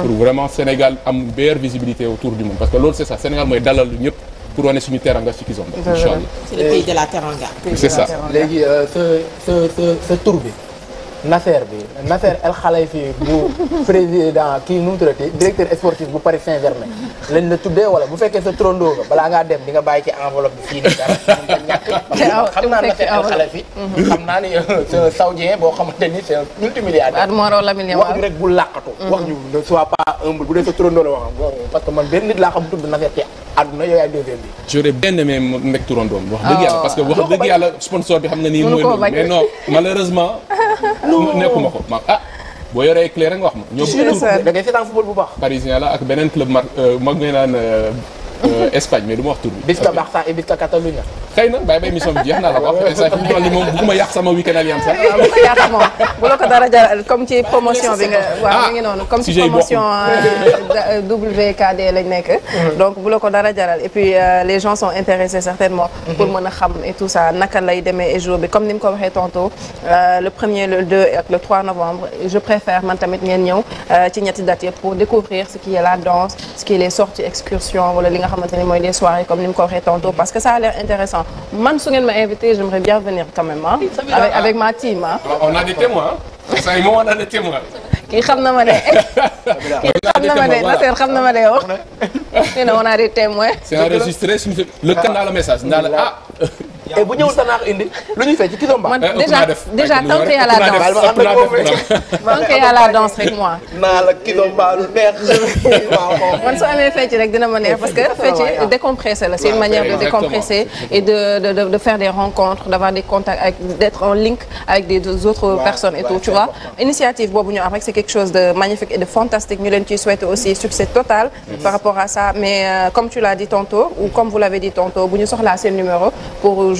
pour vraiment Sénégal am meilleure visibilité autour du monde parce que loolu c'est ça Sénégal mooy dalal ñëpp pour wane suñu teranga ci Kizomba incha allah c'est le pays de la teranga c'est ça léegi euh, sa sa Nasser bi Nasser El Khelaïfi bu président kii nu mu tuddati directeur sportif bu Paris Saint-Germain lañ la tuddee wala bu fekkee sa trondoo nga balaa ngaa dem di nga bàyyi ci enveloppe bi fii nii dara ñàkk mhm. xam naa Nasser El Khelaïfi naa ni euh, c'est un saoudien boo xamante ni c'est un multimilliardaire wax rek bu làqatu mhm. wax ñu soit pas humble bu dee sa trondoo wax parce que man benn nit laa xam tudd Nasser Thiam àdduna yow yaay deuxième bi. j'aurais bien aimé nekk turandoom. wax dëgg ah. yàlla parce que wax dëgg yàlla sponsor bi xam nga nii. mënu mais non malheureusement. nekkuma ko ma ah. boo yoree éclairé nga wax ma. ñoom da ngay seetaan football bu baax. parisien la ak beneen club euh, mag mag ngay naan. Euh, Euh, Espagne mais du ma wax tur bi. Vizca Barça et Vizca Catalunya. xëy na bàyyi ba émission bi jeex na la wax instant fi mu toll nii moom bëgguma yàq sama week-end Alliance sax. yaa xam moom bu la ko dara jaral comme ci promotion bi nga. waaw ah, mi ngi noonu comme ci promotion euh, WKD lañ nekk. Mm-hmm. donc bu la ko dara jaral et puis euh, les gens sont intéressés certainement. Mm-hmm. pour mën a xam et tout ça naka lay demee jour bi comme ni mu ko waxee tantôt le premier le 2 ak le 3 novembre je préfère man tamit ngeen ñëw ci ñetti dates yëpp pour découvrir ce qui est la danse ce qui est les sorties excursions wala li nga. xamante ni mooy des soirées comme ni mu ko waxee tantôt parce que ça a l'air intéressant man su ngeen ma invité j'aimerais bien venir quand même ah. avec avec ma team ah. on a des témoins ça y on a des témoins. kii xam na ma de. kii xam na ma de Nasser xam na ma de wax. nee na on a des témoins. c'est enregistré le kan daal message daal ah. et bu ñëwul tanaax indi lu ñuy fecc ci Kizomba. man eh, déjà déjà tant que yàlla danse danse rek moi. naa la Kizomba lu neex. man su amee fecc rek dina ma neex parce que fecc décompresser la c'est une manière de décompresser et de de de faire des rencontres d'avoir des contacts avec d'être en link avec des autres personnes et tout tu vois. initiative boobu ñu am rek c'est quelque chose de magnifique et de fantastique ñu leen ciy souhaiter aussi succès total. Mm-hmm. par rapport à ça mais euh, comme tu l'as dit tantôt ou comme vous l'avez dit tantôt bu ñu soxlaa seen numéro pour.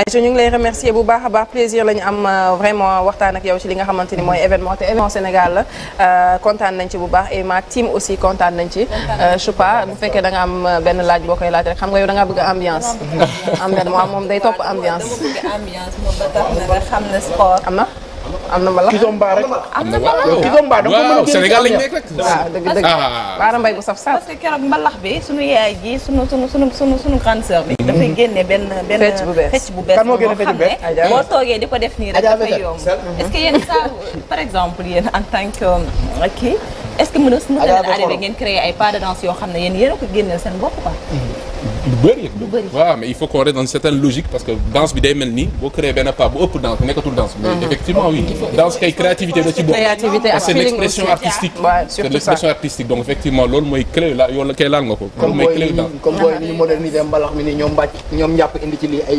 Aïcha ñu ngi lay remercier bu baax a baax plaisir la ñu am euh, vraiment waxtaan ak yow ci li nga xamante ni mooy événement te événement Sénégal la euh, kontaan nañ ci bu baax et ma team aussi kontaan nañ ci Choupa euh, bu fekkee da am benn laaj boo koy laaj rek xam nga yow da nga bëgg ambiance am na moom day topp ambiance am na am na mbalax kizomba rek. am na mbalax waaw kizomba da nga ko mën a. Sénégal lañ nekk rek waaw ah, dëgg dëgg. Ah, ah, baara mbay bu saf saf. parce que keroog mbalax bi sunu yaay ji sunu sunu sunu sunu sunu grande sœur bi. dafay mhm. génne benn benn fecc bu bees. fecc bu bees kan moo génne fecc bu bees. Adja boo toogee di ko def nii rek dafay yomb. est exemple yéen en tant que euh, kii. est-ce que mën na mën na leen arrivé créer ay pas de danse yoo xam ne yéen yéen a ko génneel seen bopp quoi mhm. lu bëri lu bëri waaw mais il faut qu'on reste dans une certaine parce que danse bi day mel nii boo créé benn pas bu ëpp danse nekkatul danse mais mhm. effectivement oui danse kay créativité da ci artistique donc effectivement loolu mooy clé la yow kay laal nga ko loolu mooy clé danse comme booy ni ñu mbalax mi nii ñoom mbàcc ñoom njàpp indi ci lii ay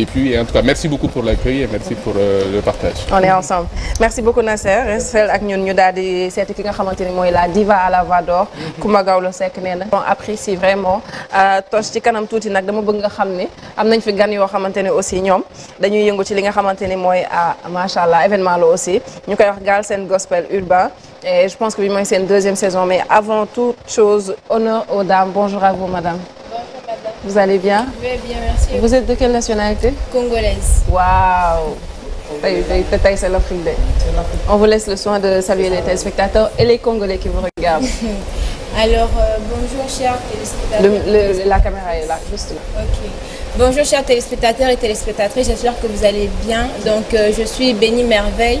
depuis. Et en tout cas, merci beaucoup pour l'accueil et merci pour euh, le partage. On est ensemble. Merci beaucoup Nasser. Restel ak ñun ñu daal di seeti ki nga xamante ni mooy la diva à la voix d'or. Coumba Gawlo Seck nee na. on apprécie vraiment euh, Toch ci kanam tuuti nag dama bëgg nga xam ne am nañ fi gan yoo xamante ne aussi ñoom dañuy yëngu ci li nga xamante ni mooy ah, macha allah événement la aussi ñu koy wax Galsen Gospel Urbain. Et je pense que bi mooy seen deuxième saison mais avant toute chose honneur aux dames bonjour à Vous allez bien Oui, bien, merci. Vous êtes de quelle nationalité Congolaise. Waouh c'est l'Afrique. On vous laisse le soin de saluer les téléspectateurs et les Congolais qui vous regardent. Alors, euh, bonjour chers téléspectateurs. la caméra est là, juste là. Ok. Bonjour chers téléspectateurs et téléspectatrices, j'espère que vous allez bien. Donc, euh, je suis Béni Merveille.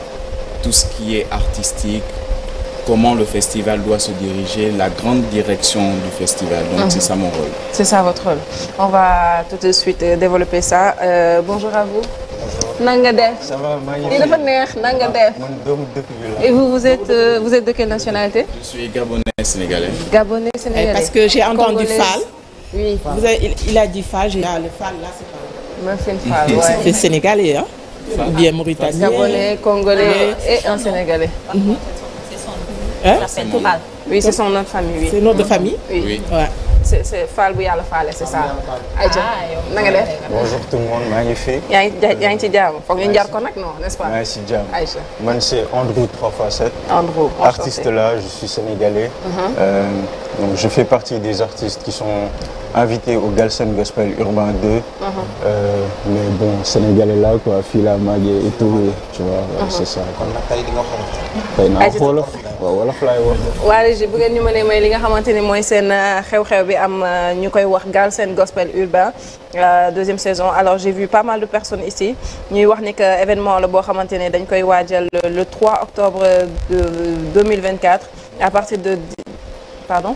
tout ce qui est artistique, comment le festival doit se diriger, la grande direction du festival. Donc, mhm. c'est ça mon rôle. C'est ça votre rôle. On va tout de suite euh, développer ça. Euh, bonjour à vous. Ah, bonjour. Et vous, euh, vous êtes, de quelle nationalité Je suis gabonais sénégalais. Gabonais sénégalais. parce que j'ai entendu Fall. il, a dit Fall. J'ai ah, le Fall, là, c'est pas. C'est sénégalais, ou bien mauritanien. Gabonais, Congolais et un Sénégalais. C'est mhm. son c'est son nom de famille. C'est nom de famille. Oui. C'est c'est Fall bu yàlla faale c'est ça. Aïcha ah, na nga def. bonjour tout le monde maa ngi fi. yaa ngi yaa ngi ci jàmm foog ñu njar ko nag non nest pas. maa ngi c'est Andrew 3x7. artiste là je suis sénégalais. Mhm. Euh, je fais partie des artistes qui sont. invité au Galsen Gospel Urbain 2. Uh-huh. Euh, mais bon sénégalais là quoi fii laa màggee et tout tu vois. Uh-huh. c'est ça kon nag tey di nga xolof. tey naa xolof waaw wolof laay wax. waa Régis bu ngeen ñu mënee may li nga xamante ni mooy seen euh, xew-xew bi am euh, ñu koy wax Galsen Gospel Urbain euh, deuxième saison alors j'ai vu pas mal de personnes ici ñuy wax ni que événement la boo xamante ne dañ koy waajal le 3 octobre de 2024 à partir de pardon.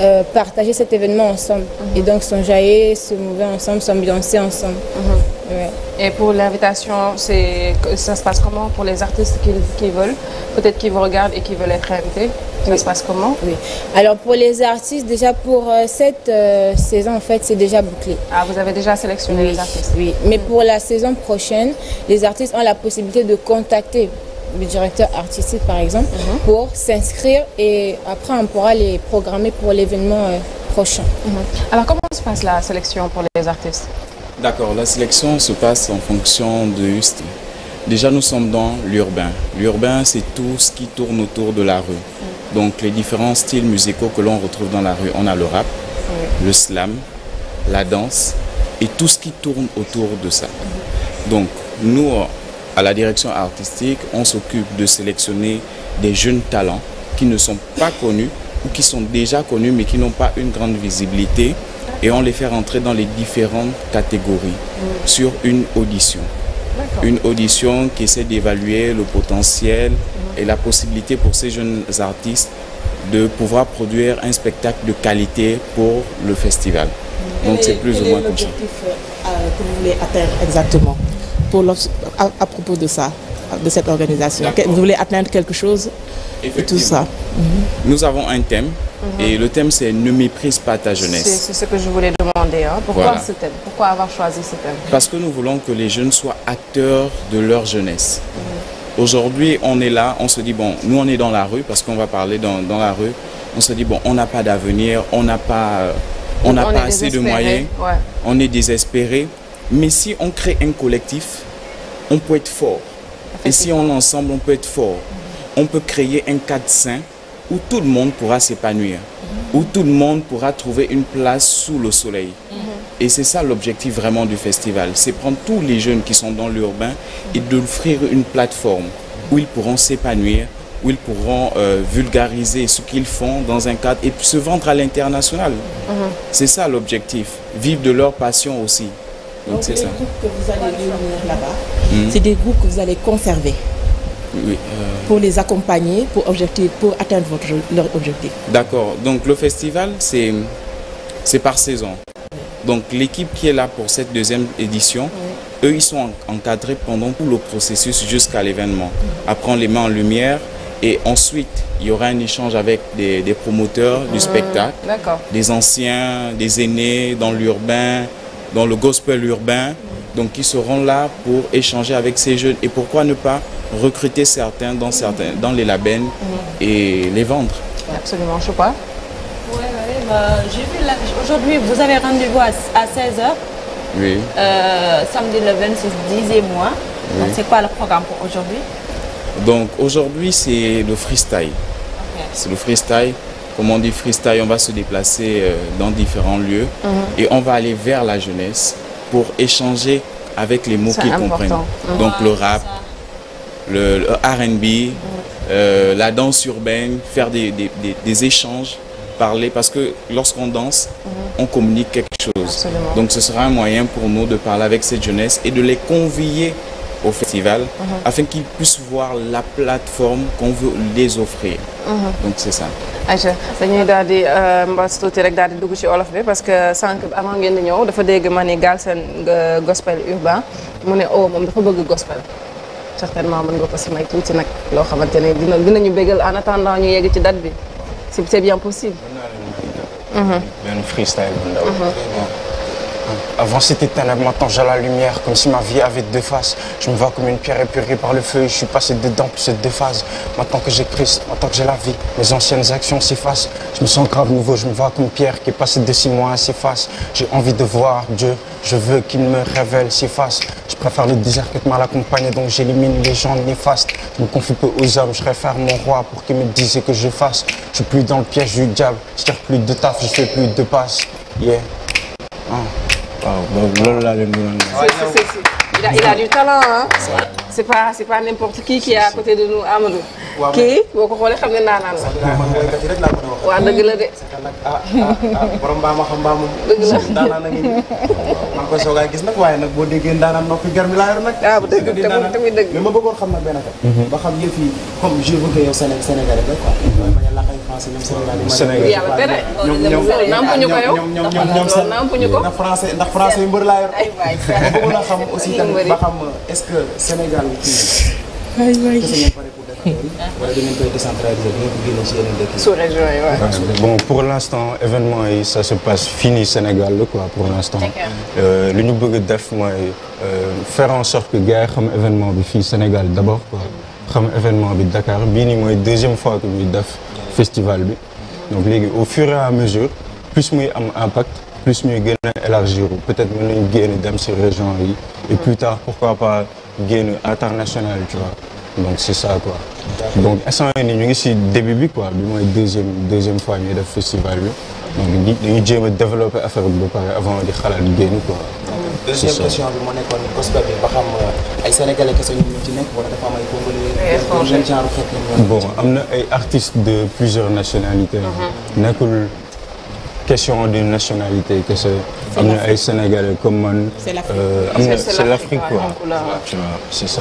euh, partager cet événement ensemble. Mm -hmm. Et donc s'enjailler, se mouvoir ensemble, s'ambiancer ensemble. Mhm. Et pour l'invitation, ça se passe comment pour les artistes qui, veulent Peut-être qui vous regardent et qui veulent être invités Ça oui. se passe comment Oui. Alors pour les artistes, déjà pour euh, cette euh, saison, en fait, c'est déjà bouclé. Ah, vous avez déjà sélectionné les artistes ont la possibilité de contacter le directeur artistique mhm. pour s'inscrire et après on pourra les programmer pour l'événement euh, prochain. Mhm. comment se passe la sélection pour les artistes D'accord, la sélection se passe en fonction de Houston. Déjà nous sommes dans l'urbain. L'urbain c'est tout ce qui tourne autour de la rue. Uh mhm. -huh. Donc les différents styles musicaux que l'on retrouve dans la rue, on a le rap, le slam, la danse et tout ce qui tourne autour de ça. Donc nous à la direction artistique, on s'occupe de sélectionner des jeunes talents qui ne sont pas connus ou qui sont déjà connus mais qui n'ont pas une grande visibilité et on les fait rentrer dans les différentes catégories mmh. sur une audition. Une audition qui essaie d'évaluer le potentiel mmh. et la possibilité pour ces jeunes artistes de pouvoir produire un spectacle de qualité pour le festival. Mmh. Donc c'est plus ou moins comme ça. à, à propos de cette organisation. Vous voulez atteindre quelque chose et tout ça. Mhm. Nous avons un thème mhm. et le thème c'est Ne méprise pas ta jeunesse. que je voulais demander. Pourquoi avoir choisi ce thème Parce que nous voulons que les jeunes soient acteurs de leur jeunesse. Mhm. Aujourd'hui, on est là, on se dit, nous on est dans la rue parce qu'on va parler dans, la rue. On se dit, on n'a pas d'avenir, on n'a pas, assez de moyens, on est désespéré. Mais si on crée un collectif, on peut être fort. Et si on est ensemble, on peut être fort. On peut créer un cadre sain où tout le monde pourra s'épanouir, où tout le monde pourra trouver une place sous le soleil. Et c'est ça l'objectif vraiment du festival, c'est prendre tous les jeunes qui sont dans l'urbain et de offrir une plateforme où ils pourront s'épanouir, où ils pourront euh, vulgariser ce qu'ils font dans un cadre et se vendre à l'international. Mhm. C'est ça l'objectif, vivre de leur passion aussi. donc c'est ça les groupes que hmm. des groupes que vous allez conserver. Euh, pour les accompagner pour objectif pour atteindre votre leur objectif. D'accord. Donc le festival c'est c'est par saison. Donc l'équipe qui est là pour cette deuxième édition, oui. eux ils sont encadrés pendant tout le processus jusqu'à l'événement. Après on les met en lumière et ensuite il y aura un échange avec des des promoteurs du ah, spectacle, d'accord, des anciens, des aînés dans l'urbain dans le gospel urbain, donc qui seront là pour échanger avec ces jeunes. Et pourquoi ne pas recruter certains dans, les labels et les vendre Absolument, je crois. Oui, oui, bah, j'ai aujourd'hui, vous avez rendez-vous à, à 16h. Euh, c'est le programme pour c'est le freestyle. Okay. comme on dit, freestyle, on va se déplacer euh, dans différents lieux mhm. et on va aller vers la jeunesse pour échanger avec les mots qu'ils comprennent. Mhm. Donc le rap, mhm. euh, la danse urbaine, faire des, échanges, parler, parce que lorsqu'on danse, on communique quelque chose. Donc ce sera un moyen pour nous de parler avec cette jeunesse et de les convier au festival, mhm. afin qu'ils puissent voir la plateforme qu'on veut les offrir. Mhm. donc c'est ça. Aïcha dañuy daal di euh, mbas tuuti rek daal di dugg ci olof bi parce que sànq avant ngeen di ñëw dafa dégg ma ni Galsen euh, gospel urbain mu ne oh moom dafa bëgg gospel. certainement mën nga ko si may tuuti nag loo xamante ne dina dinañu bégal en attendant ñu yegg ci date bi c'est bien possible. mën naa leen mhm. benn freestyle bu Avant c'était ténèbres, maintenant j'ai la lumière, comme si ma vie avait deux faces. Je me vois comme une pierre épurée par le feu, je suis passé dedans plus ces deux phases. Maintenant que j'ai Christ, maintenant que j'ai la vie, mes anciennes actions s'effacent. Je me sens grave nouveau, je me vois comme une pierre qui est passée de six mois à s'efface. J'ai envie de voir Dieu, je veux qu'il me révèle ses faces. Je préfère le désert que de mal accompagné, donc j'élimine les gens néfastes. Je me confie peu aux hommes, je réfère mon roi pour qu'il me dise ce que je fasse. Je suis plus dans le piège du diable, je tire plus de taf, je fais plus de passes. Yeah. Ah. waaw donc loolu laa leen mënoon. il a il a du talent ah. c'est pas c'est pas n'importe qui qui est à côté de nous Amadou. kii boo ko xoolee xam ne naanaan la. waaw dëgg la de. Ah, ah, ah, borom mbaa ma xam mbaa moom. dëgg la daanaan a ngi nii. maa ngi koy soog a gis nag waaye nag boo déggee daanaan noppi gar mi laa yor nag. waaw dëgg tamit tamit dëgg. mais ma bëggoon xam nag benn affaire. Mhm. ba xam yëf yi comme je veux que yow Sénégalais nga quoi. mooy bañ a laqay français ñoom Sénégalais. yàlla tere ñoom nampuñu ko yow. ñoom ñoom ñoom nampuñu ko. ndax français ndax français mbër laa yor. ma bëggoon a xam aussi tamit ba xam est-ce que Sénégal kii. waay waay bon pour l' événement yi ça se passe fini Sénégal la pour l' instant. Euh, lu ñu bëgg def mooy euh, faire en sorte que gars yi xam événement bi fii Sénégal d' abord quoi. xam événement bi Dakar bii nii mooy deuxième fois que ñuy def festival bi donc léegi au fur et à mesure plus muy am impact plus ñuy gën a élargir peut-être mën nañu génn dem si région yi et plus tard pourquoi pas génn international tu vois. donc c'est ça quoi. donc instant yii nii ñu ngi si début bi quoi bi mooy deuxième deuxième fois ñuy def festival bi donc dañuy jéem a développé affaire bi ba pare avant di xalaat génn quoi. deuxième question bi moo nekkoon gospel bi ba xam euh, ay sénégalais kese ñu ci nekk wala dafa am ay am na ay artistes de plusieurs nationalités. Mhm. nekkul question de nationalité kese. am na ay sénégalais comme man. c'est l'Afrique euh, quoi tu vois c'est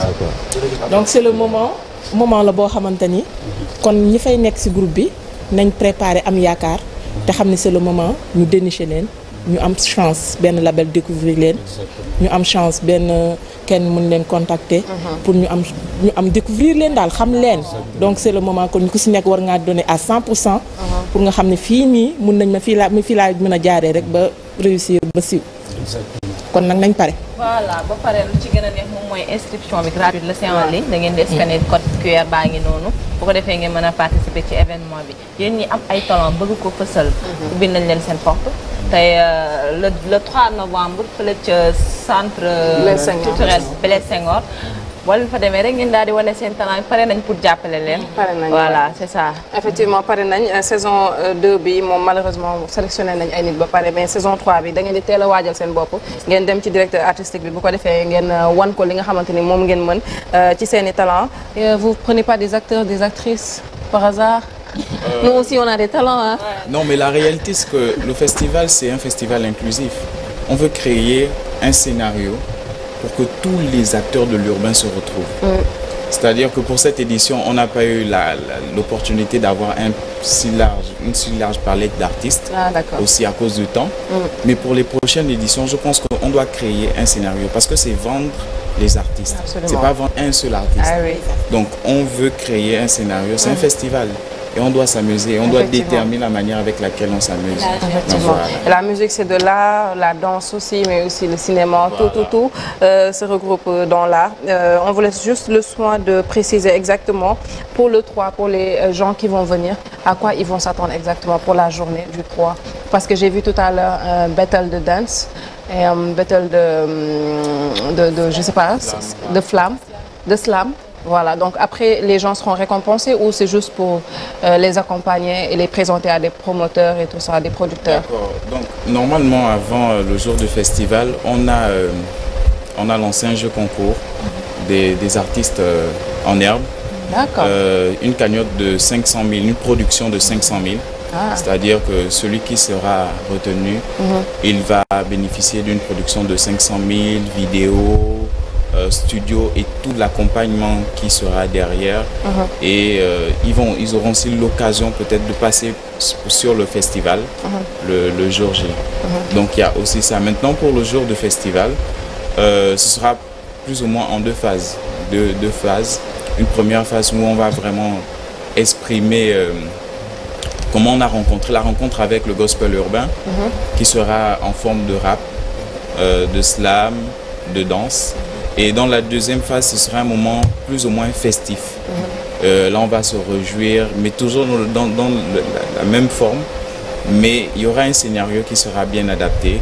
donc c'est le moment moment la boo xamante ni kon ñi fay nekk ci groupe bi nañ préparer am yaakaar te xam ne c'est le moment ñu dénicher leen ñu am chance benn label découvrir leen. ñu am chance benn kenn mën leen contacter. Mhm. pour ñu am ñu am découvrir leen daal xam leen. donc c'est le moment kon ñu ko si nekk war ngaa donner à pour cent. Mhm. pour nga xam ne fii nii mën nañ ma fii laa fii laa mën a jaaree rek réussir ba siiw. kon nag nañ pare. voilà ba pare lu ci gën a neex moom mooy inscription bi gratuite la c'est en ligne da ngeen di mm. scanner code QR baa ngi noonu bu ko defee ngeen mën a participer ci événement bi yéen ñi am ay talent bëgg ko fësal. Mm-hmm. ubbi nañ leen seen porte. te euh, le le 3 novembre fële ca centre culturel Blaise Senghor mm-hmm. wala fa demee rek ngeen daal di wane seen talent pare nañ pour jàppale leen. pare nañ voilà c' nañ euh, saison 2 euh, bi moom malheureusement sélectionné nañ ay nit ba pare mais saison 3 bi da ngeen di teel waajal seen bopp. ngeen dem ci directeur artistique bi bu ko defee ngeen euh, wan ko li nga xamante ni moom ngeen mën ci seen i talent. vous prenez pas des acteurs des actrices par hasard. Euh... nous aussi on a des talents hein. mais la réalité c'est que le festival c'est un festival inclusif. on veut créer un scénario. pour que tous les acteurs de l'urbain se retrouvent. Mm. C'est-à-dire que pour cette édition, on n'a pas eu l'opportunité d'avoir un si large, une si large palette d'artistes, ah, aussi à cause du temps. Mm. Mais pour les prochaines éditions, je pense qu'on doit créer un scénario parce que c'est vendre les artistes. C'est pas vendre un seul artiste. Ah, oui. Donc on veut créer un scénario, c'est mm. un festival. et on doit s'amuser, on doit déterminer la manière avec laquelle on s'amuse. Effectivement. Voilà. La musique, c'est de l'art, la danse aussi, mais aussi le cinéma, voilà. tout, tout, tout euh, se regroupe euh, dans l'art. Euh, on vous laisse juste le soin de préciser exactement pour le 3, pour les euh, gens qui vont venir, à quoi ils vont s'attendre exactement pour la journée du 3. Parce que j'ai vu tout à l'heure un battle de danse et un battle de, de, de, de je sais pas, de flamme, de slam. Voilà, donc après, les gens seront récompensés ou c'est juste pour euh, les accompagner et les présenter à des promoteurs et tout ça, à des producteurs Donc, normalement, avant euh, le jour du festival, on a, euh, on a lancé un jeu concours des, des artistes euh, en herbe. D'accord. Euh, une cagnotte de une production de 500 000. Ah. C'est-à-dire que celui qui sera retenu, mhm. il va bénéficier d'une production de 500 000 vidéos, Euh, studio et tout l'accompagnement qui sera derrière. Uh-huh. Et euh, ils, auront aussi l'occasion de passer sur le festival uh-huh. le, le, uh-huh. Donc il y a aussi ça. pour le jour de festival, euh, ce sera plus ou moins en deux phases. Une première phase où on vraiment exprimer comment la rencontre avec le gospel urbain, qui sera en forme de rap, euh, de slam, de danse. Et dans la deuxième phase, ce sera un moment plus ou moins festif. Mm -hmm. euh, là, on va se réjouir, mais toujours dans, dans, dans la, la, même forme. Mais il y aura un scénario qui sera bien adapté.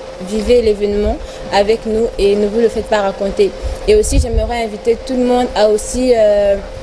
vivez l'événement avec nous et ne vous le faites pas raconter. Et aussi, j'aimerais inviter tout le monde à aussi... Euh,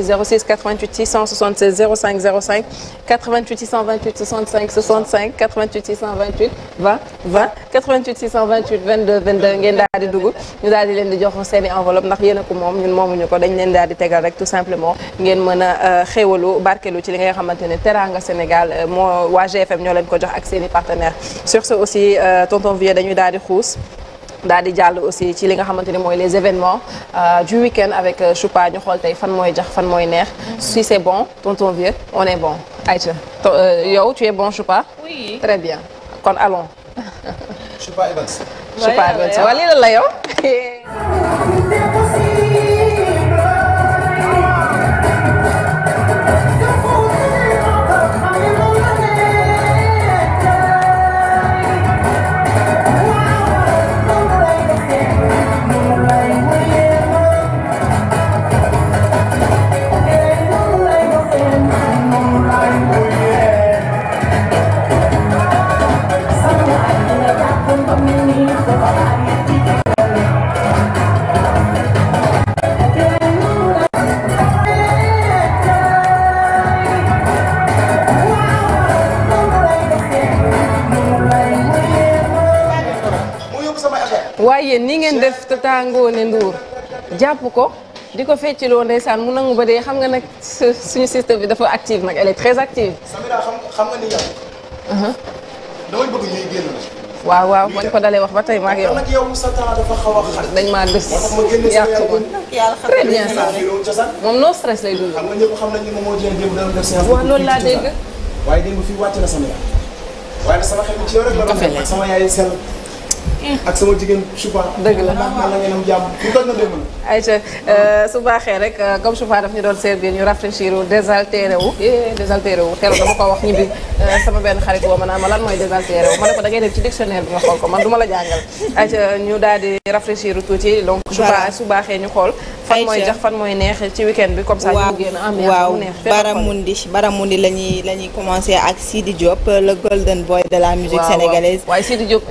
88 06 88 676 05 05 88 628 65 65 88 628 20 20 88 628 22 22 ngeen daal di dugg ñu daal di leen di jox seen i enveloppe ndax yéen a moom ñun moomuñu ko dañ leen daal di tegal rek tout simplement ngeen mën a euh, barkelu ci li nga xamante ne teraanga Sénégal euh, moo waa GFM ñoo leen ko jox ak seen i sur ce aussi euh, tonton Vieux dañuy daal di jàll aussi ci li nga xamante ne mooy les événements euh, du week-end avec euh, Choupa ñu xool tey fan mooy jax fan mooy neex mm-hmm. si c'est bon tonton vieux on est bon Aïcha euh, yow tu es bon Choupa très bien kon allons Choupa Evans Choupa Evans wala lii la yéen ni ngeen def te tàngoo ne jàpp ko di ko fecciloo ndeysaan mu nangu ba dee xam nga nag suñu système bi dafa active nag elle est très active. waaw waaw bañ ko dalee wax ba tey maa xaw a dañ maa gës yàqu ma très bien ça moom moo jëlee démb doon def na sama yaay. waaye sama xel ci yow rek la doon sama yaay sell ak sama jigéen Choupa. dëgg la ndax rek comme ngeen am jàmm bu euh, su baaxee rek euh, comme Choupa daf ñu doon servir ñu rafraîchir wu eh, désaltéré wu. désaltéré wu teel dama ko wax ñibbi euh, sama benn xarit woo ma naan ma lan mooy désaltéré wu ma ne ko da ngay dem ci dictionnaire bi nga xool ko man du ma la jàngal. ayca ñu daal di rafraîchir tuuti donc. Choupa su baaxee ñu xool. fan mooy jax fan mooy neex ci weekend bi comme ça ñu génn ambiance waaw Baramundi Baramundi la ñuy la ñuy commencé ak Sidi Diop le golden boy de la musique sénégalaise waaw waaye Sidi Diop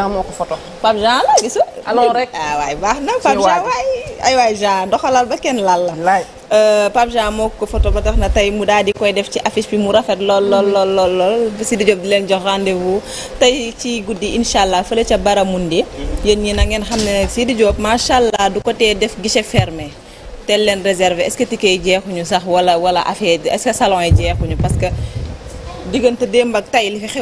Jean moo ko foto. Pape Jean la gis alors rek ah waay baax na Pape Jean waay ay waay Jean doxalal ba kenn laal la. laay euh, Pape Jean moo ko foto ba tax na tey mu daal di koy def ci affiche bi mu rafet lool lool mm-hmm. lool lool lool Sidi Diop di leen jox rendez-vous tey ci guddi incha allah fële ca Baramundi. Mm-hmm. yéen ñi na ngeen xam ne Sidi Diop macha allah du ko tee def guichet fermé. teel leen réservé est-ce que ticket yi jeexuñu sax wala wala affaire est-ce que salon yi jeexuñu parce que diggante démb ak tey li fi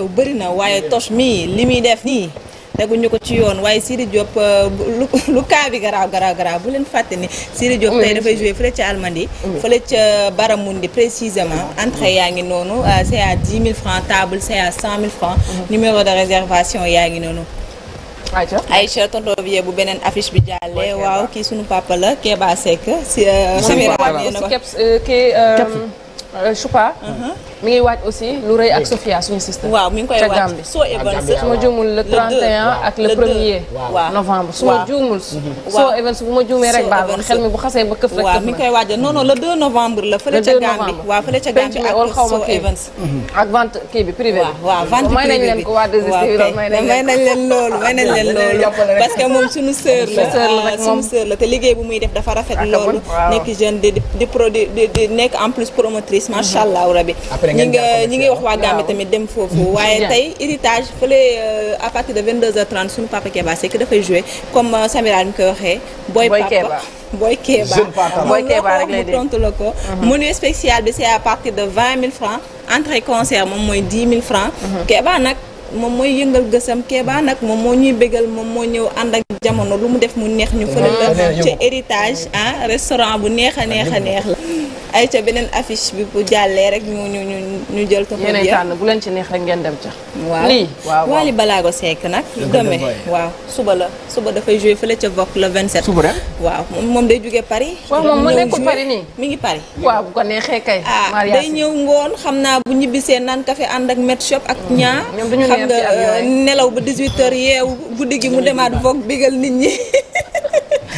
teguñu ko ci yoon waaye Sidi Diop euh, lu lu kaa bi garaaw garaaw garaaw bu leen fàtte ni Sidi Diop tey dafay joué fële ca Almadi fële ca Baramundi précisément entrée yaa ngi noonu euh, c'est à 10 000 francs table c'est à 100 000 francs mhm. numéro de réservation yaa ngi noonu Aïcha Aïcha tontovier bu beneen affiche bi jàllee waaw kii sunu papa la Kéba Seck si caméra euh, bi Euh, Choupa. mi ngi waaj aussi lu rëy ak Sofia suñu sister. waaw mi ngi koy waaj soo Evans su ma juumul le 31 ak le 1er novembre su ma juumul. Mhm. soo Evans bu ma juumee rek baal ma xel ba këf rek. waaw mi ngi koy waaj non non le 2 novembre la. fële ca Gambie waaw fële ca Gambie ak soo Evans. Mhm. ak vente kii bi privé bi. waaw vente privé bi may nañ leen ko waa ah, bu muy def dafa rafet ah, loolu nekk jeune di di di nekk en plus promotrice bees macha allah rabi. ñi nga ñi ngi wax waa Gambie tamit dem foofu. Mmh. waaye tey héritage fële euh, à partir de 22h30 suñu papa Keba Seck dafay jouer comme euh, Samira mi koy waxee. booy Papa Boy Keba Boy Keba rek lay dégg mu tontu ko. Mmh. menu spécial bi à partir de 20 000 francs entrée concert moom mooy 10 000 francs. Mmh. Keba nag. moom mooy yëngal gësam Kéba nag moom moo ñuy bégal moom moo ñëw ànd ak jamono lu mu def mu neex ñu fële la ca héritage ah restaurant bu neex a neex a neex la ay ca beneen affiche bi bu jàllee rek ñu ñu ñu ñu jël ko. yéenay tànn bu leen ci neex rek ngeen dem ca. waaw lii waaw Wally Ballago Seck nag. demee waaw suba la suba dafay joué fële ca Vogue le 27. suba rek waaw moom day jugee Paris. waaw moom mu nekk Paris mi ngi Paris. waaw ko neexee kay. ah day ñëw ngoon xam naa bu ñibbisee naan kafe ànd ak Met Shop ak mm. ñaar xam nga euh, nelaw ba 18h yeewu guddi gi mu demaat Vogue bigal nit ñi.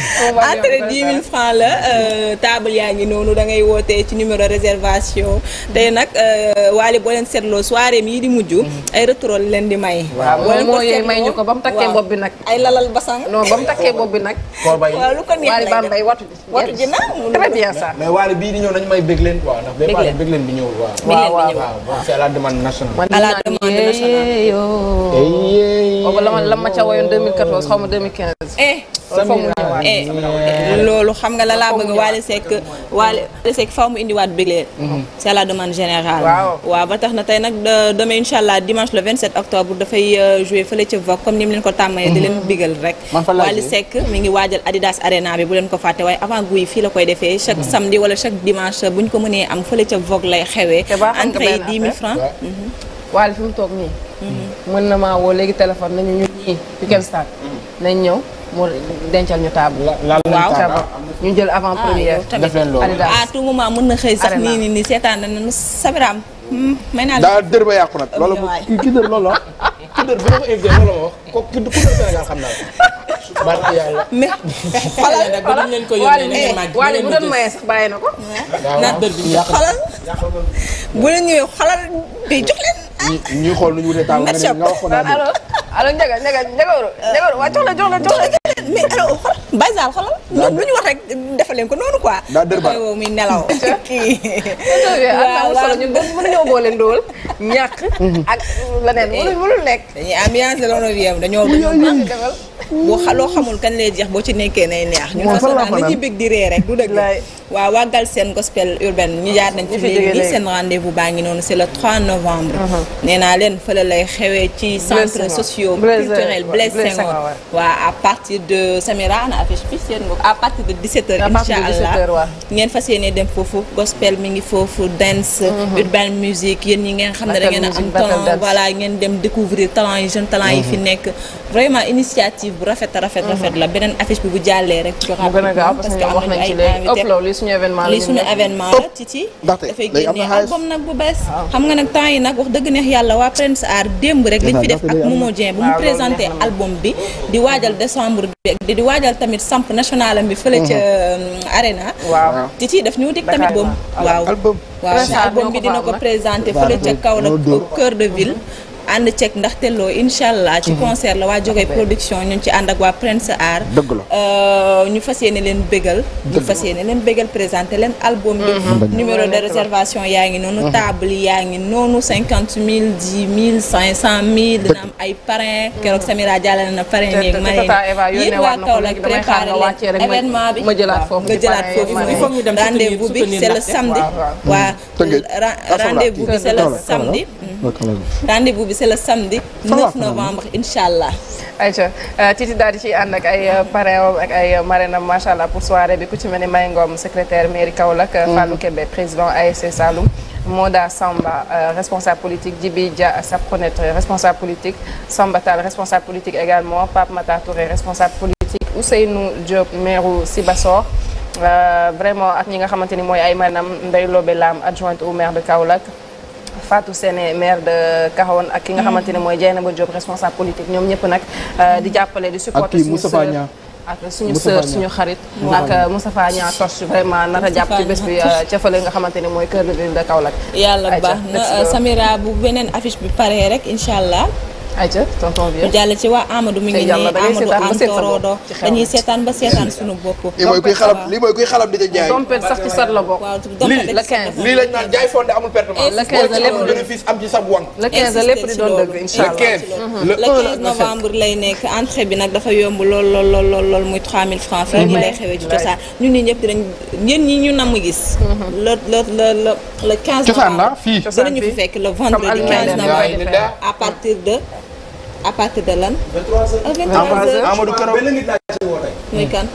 entrée di 000 francs la euh, table yaa ngi noonu da ngay wootee ci numéro réservation tey nag euh, waale boo leen seetloo soirée mii di mujj mhm. ay retour leen di may waaw moo yooyu may ñu ko ba mu takkee bopp bi nag ay lalal basang non ba mu takkee bopp bi nag waaw lu ko neex waale baa mbay watu ji watu ji na très bien mais waale bii di ñëw nañu may bëgg leen quoi bëgg leen bi ñëw waaw waaw waaw c'est à la demande nationale à la demande nationale boobu la ma la ma ca woyoon xaw ma 2015 Eh, mais eh, loolu xam nga la laa bëgg Wally Seck Wally Seck faw mu indiwaat bëggee mhm. c'est la demande générale waaw ba tax na tey nag demain incha allah dimanche le 27 octobre dafay euh, jouer fële ca Vogue comme ni mu leen ko tàmmalee di leen mhm. bigal rek Wally Seck mi ngi waajal Adidas Arena bi bu leen ko fàtte waaye avant guy fii la koy defee mhm. chaque samedi wala chaque dimanche buñ ko mënee am fële ca Vogue lay xewee entrée dix mille francs Wally fi mu toog nii mën na maa woo léegi téléphone nañu ñu ñii Pikine Stade mu dencal ñu table. laal waaw ñu jël avant première. Ah, def leen loolu ah, mën na xëy sax nii nii nii seetaan na nu Sabiraam. Hmm, may naa daa dër ba yàqu nag. loolu ki dër loolu la ki dër bu la ko invité loolu ko ki dër Sénégal xam naa barke yàlla. mais xolal xolal waale bu doon maye sax bàyyi ko. naat dër bi xolal. bu la ñëwee xolal day jox leen. ñi ñuy nu ñu wutee taamu nga ne nga wax ko naa dégg. allo allo la jox la jox la. mais alors xol Baye Sall xolal. ñoom lu ñu wax rek defal leen ko noonu quoi. daa dër ba muy nelaw. kii waaw waaw ñun mënuñoo boole ndóol. ñàkk. ak leneen mënul boo loo xamul kañ lay jeex boo ci nekkee nay neex. ñun façon daal ñuy bëgg di ree rek du dëgg. waaw wàggal seen gospel urbaine ñu jaar nañ ci léegi seen rendez baa ngi noonu c'est la 3 novembre. Uh-huh. nee naa leen fële lay xewee ci. centre socio culturel Blaise Senghor. waaw à partir de Samira ana affiche bi seen bopp à partir de 17h. incha allah ngeen fas yéene dem foofu gospel mi ngi foofu dance. Uh-huh. urbaine musique yéen ñi ngeen xam ne da ngeen am talent. voilà yi jeunes yi fi uh-huh. bu rafet rafet rafet la beneen affiche bi bu jàllee rek a gaaw parce que wax nañ ci léegi ëpp li suñu événement la li suñu événement la Titi dafay génnee album nag bu bees xam nga nag temps yi nag wax dëgg neex yàlla waa Prince Art démb rek liñ fi def ak Momo Dieng bu mu présenté album bi di waajal décembre bi di waajal tamit samp national am bi fële ca mhm. euh, arena Titi daf ñu wutik tamit boobu waaw album bi dina ko présenté fële ca Kaolack cœur de ville mhm. ànd ceeg ndaxte loo incha allah. ci mhm. concert la waa Jogoy production ñu ngi ci ànd ak waa Prince Art. dëgg la euh, ñu fas yéene leen bégal. ñu fas yéene leen bégal présenté leen album bi. Mhm. numéro de réservation yaa ngi noonu. Mhm. table yaa ngi noonu cinquante mille dix mille cinq cent mille. am ay parrain keroog Samira jàllale na parrain yeeg. marraine yéen waa Kaolack préparé leen événement bi. ma jëlaat foofu nga jëlaat foofu rendez-vous bi c'est le samedi. waa rendez-vous bi c'est le samedi. rendez bi c'est le samedi novembre incha allah. ayca euh, Titi daal di ciy ànd ak ay euh, parrain ak ay euh, marrainam macha allah pour soirée bi ku ci mel ni May Ngom secrétaire mairie Kaolack. Mhm. Fallou Kébé président ASC Saloum. Moda Samba responsable politique Djibi Dia Sapronet responsable politique Samba Tall responsable politique également Pape Mata Touré responsable politique Ousseynou Diop maire Sibassor vraiment ak ñi nga xamante ni mooy ay maanaam Ndeye Lobé Lam Fatou Sene maire de Kahone ak ki nga hmm. xamante ne mooy Dieynaba Diop responsable politique ñoom ñëpp nag hmm. euh, di jàppale di supporter suñu sœur suñu xarit ak euh, Moustapha Niang torche vraiment nara jàpp ci bés bi ca euh, fële nga xamante ne mooy cœur de ville de Kaolack yàlla baax na Samira bu beneen affiche bi paree rek incha allah ayca jàll ci waa Amadou mi ngi nii Amadou am Torodo dañuy seetaan ba seetaan sunu bopp. lii mooy kuy xalam di ko jaay. dompet sax ci sat la la 15 ma. le 15 lépp di bénéfice am ci sa wànq. le 15 lépp di doon dëgg incha allah le novembre lay nekk entrée bi nag dafa yomb lool lool lool lool muy francs fii nii lay xewee ci cosaan ñun ñii ñëpp dinañ ñeen ñi ñu namm gis. Mm-hmm. le le le le le 15 novembre dinañu fi fekk le vendredi 15 novembre à partir de à partir de lan. 23h Amadou Kero benn nit laa ci woo tey. muy kan.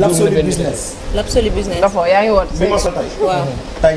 l'absolu business. l'absolu business. dafa yaa ngi woote. bu ma so tey. waaw tey.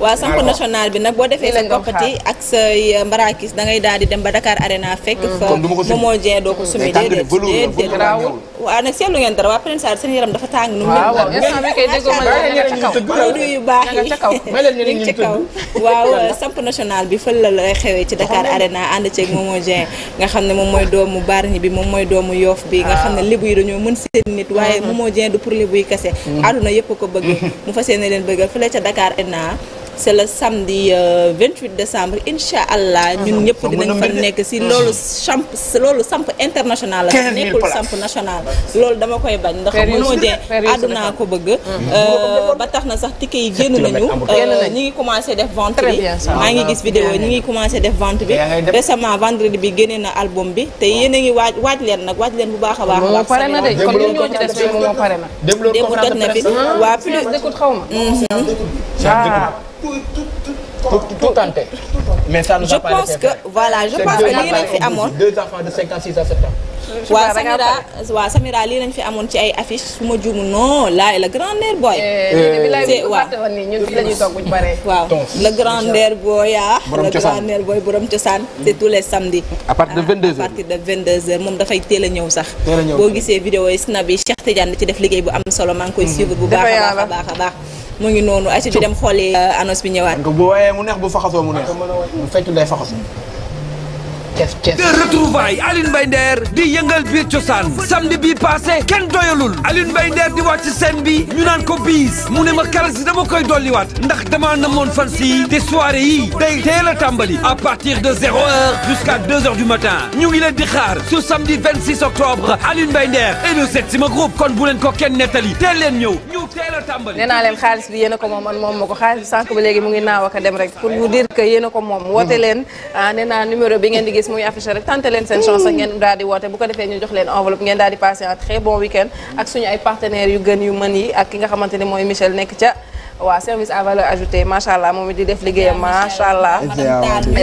waaw samp national bi nag boo defee sa koppati ak say euh, mbarakis da ngay daal di dem ba Dakar Arena fekk mm. fa moomoo jee doo ko sumi déedéet déedéet waaw nag seetlu ngeen dara dafa tàng nu mu produit yu baax yi ñu ngi ci kaw waaw samp national bi fël la lay xewee ci Dakar Arena ànd ceeg moomoo jee nga xam ne moom mooy doomu Bargny bi moom mooy doomu Yoff bi nga xam ne ah. libu yi dañoo mën seen nit waaye moomoo mm-hmm. jee du pour libu kase mm-hmm. àdduna yëpp ko bëgg mm-hmm. mu fas yéene leen bëggal fële ca Dakar Sénat c'est le samedi 28 euh, décembre incha allah. Ah, ñun ñëpp dinañ fa nekk si ah. loolu samp loolu samp international la. nekkul samp national. loolu dama koy bañ ndax mënoo jee àdduna ko bëgg. Mm-hmm. Euh, ba tax na sax ticket yi euh, génn nañu. ñi ngi commencé def vente bi. maa ngi gis vidéo ñi ngi commencé def vente bi. récemment vendredi bi génne na album bi te yéen a ngi waaj waaj leen nag waaj leen bu baax a baax. waaw pare na de kon ñun ñoo ci des moom moo pare na. démb na fi waa plus. tout tout tout. a je pense que voilà je pense que lii lañ fi amoon deux de cinq ans six ans Samira lii lañ fi amoon ci ay affiches su ma juumu non eh, laay la grandeur booy. la grandeur booy ah. la grandeur booy borom cosaan. c'est tous les samedis. à partir de 22h ah, à partir de 22h moom dafay teel ñëw sax. boo gisee vidéo yi snap yi Cheikh Tidiane ci def liggéey bu am solo maa koy mhm. suivre bu baax a baax a baax. mu ngi noonu. ci dem xooli euh, annonce bi ñëwaat. bu waaye mu neex bu faxasoo mu neex. bu feccu day faxasu. Thiès Thiès de retrouvailles Alioune Mbaye Nder di yëngal biir cosaan samedi bii passé kenn doyalul Alioune Mbaye Nder di wàcc scène bi ñu naan ko biis mu ne ma karas si dama koy dolliwaat ndax dama namoon fan si te soirée yi day teel a tàmbali à partir de zéro heure jusqu'à deux heures du matin ñu ngi leen di xaar su samedi 26 octobre Alioune Mbaye Nder et le Setsima Group kon bu leen ko kenn nettali teel leen ñëw ñu teel a tàmbali nee leen xaalis bi yéen a ko moom man moom ma ko xaalis bi sànq ba léegi mu ngi naaw a moom ah, bi ngeen di muy affiché rek tenté leen seen chance ngeen daal di woote bu ko defee ñu jox leen enveloppe ngeen daal di passer un très bon week-end ak suñu ay partenaires yu gën yu mën yi ak ki nga xamante ne mooy Michel nekk ca waaw service à valeur ajoutée macha moom it di def liggéeyam macha allah. ñu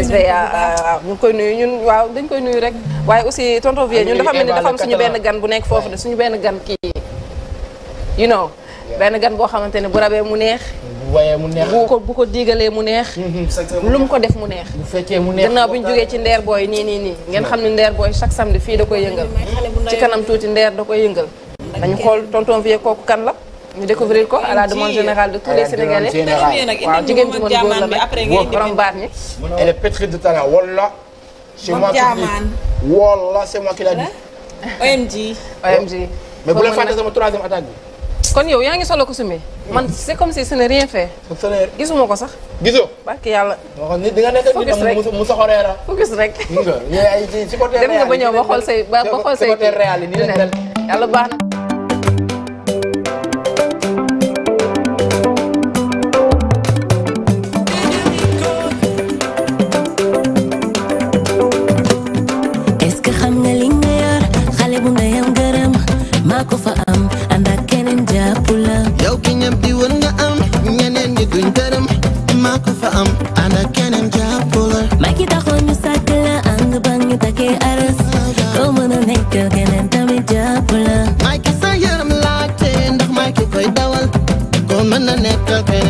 ngi koy nuyu ñun waaw dañ koy nuyu rek. waaye aussi tonton Vieux ñun dafa mel ni dafa am suñu benn gan bu nekk foofu de suñu benn gan kii. you know benn gan boo xamante ne bu rabee mu waaye mu neex bu ko bu ko diigalee mu neex. Mm-hmm, lu mu ko def mu neex. bu fekkee mu neex gannaaw bi ñu jógee ci ndeer booy nii nii nii ngeen xam ne ndeer booy chaque samedi fii da koy yëngal. ci kanam tuuti ndeer da koy yëngal. dañu xool tonton vie kooku kan la. ñu découvrir ko à la demande générale de tous les Sénégalais. waaw jigéen ju mën góor la nag woo borom baat ñi. elle est pétrie de talent walla. c'est moi qui dis walla c'est moi qui OMG. OMG bi. kon yow yaa ngi solo ko sumee. Mm. man c'est comme si ce n'est rien fait. gisuma ko sax. gisoo barke yàlla. nit di nga nekk nit mu soxoree la. focus rek. dem nga ba ñëw ba xool say ba xool say. yàlla baax na. am ànd ak keneen jàppula ma ki taxoon ñu sàkk la ang bang ñu aras doo mën a nekk keneen tamit jàppula may ki sa yaram laajte koy dawal ko mën a nekk keneen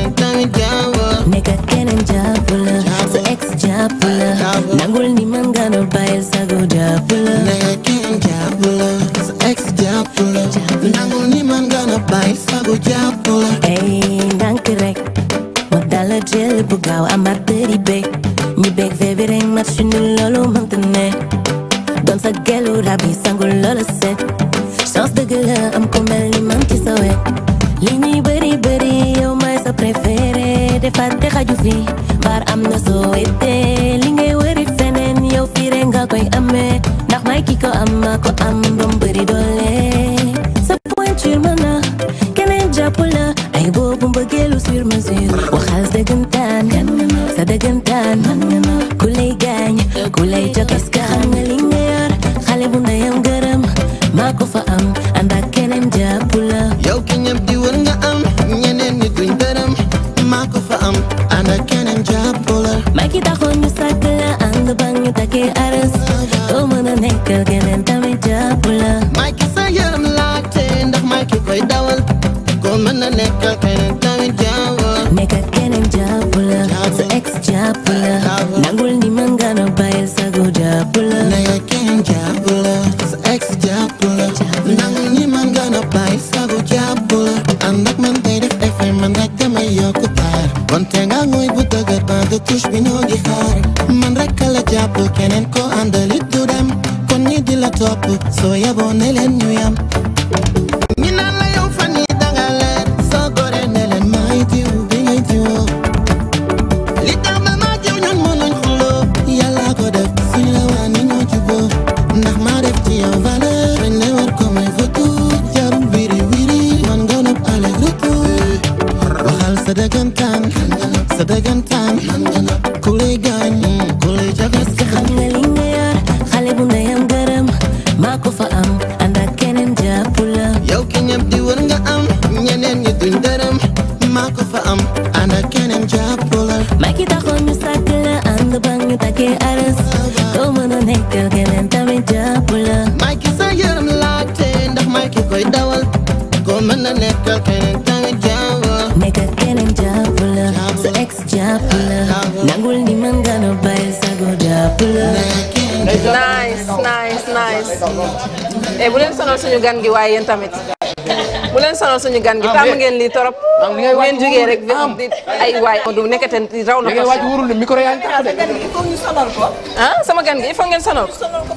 am ay waay du nekkatan raw na ko waaj wóorul ne micro yaa de il faut ñu sonal ko ah sama gan gi il faut ngeen sonal ko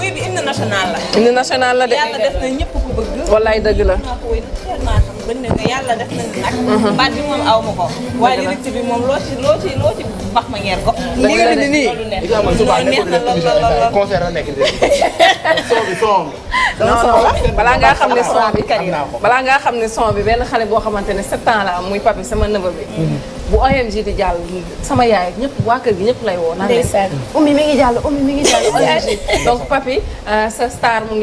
bi hymne national la la def na ñëpp ko bëgg wallaay dëgg la bañ yàlla na nag baat bi ko waaye lyrics bi moom loo balaa ngaa xam ne son bi kat balaa ngaa xam ne son bi benn xale boo xamante ne sept ans la muy papi sama neveu bi mhm. bu OMG di jàll sama yaay ñëpp waa kër gi ñëpp lay woo. ndeysaan ummi mi ngi jàll ummi mi ngi jàll OMG. donc papi euh, sa star mu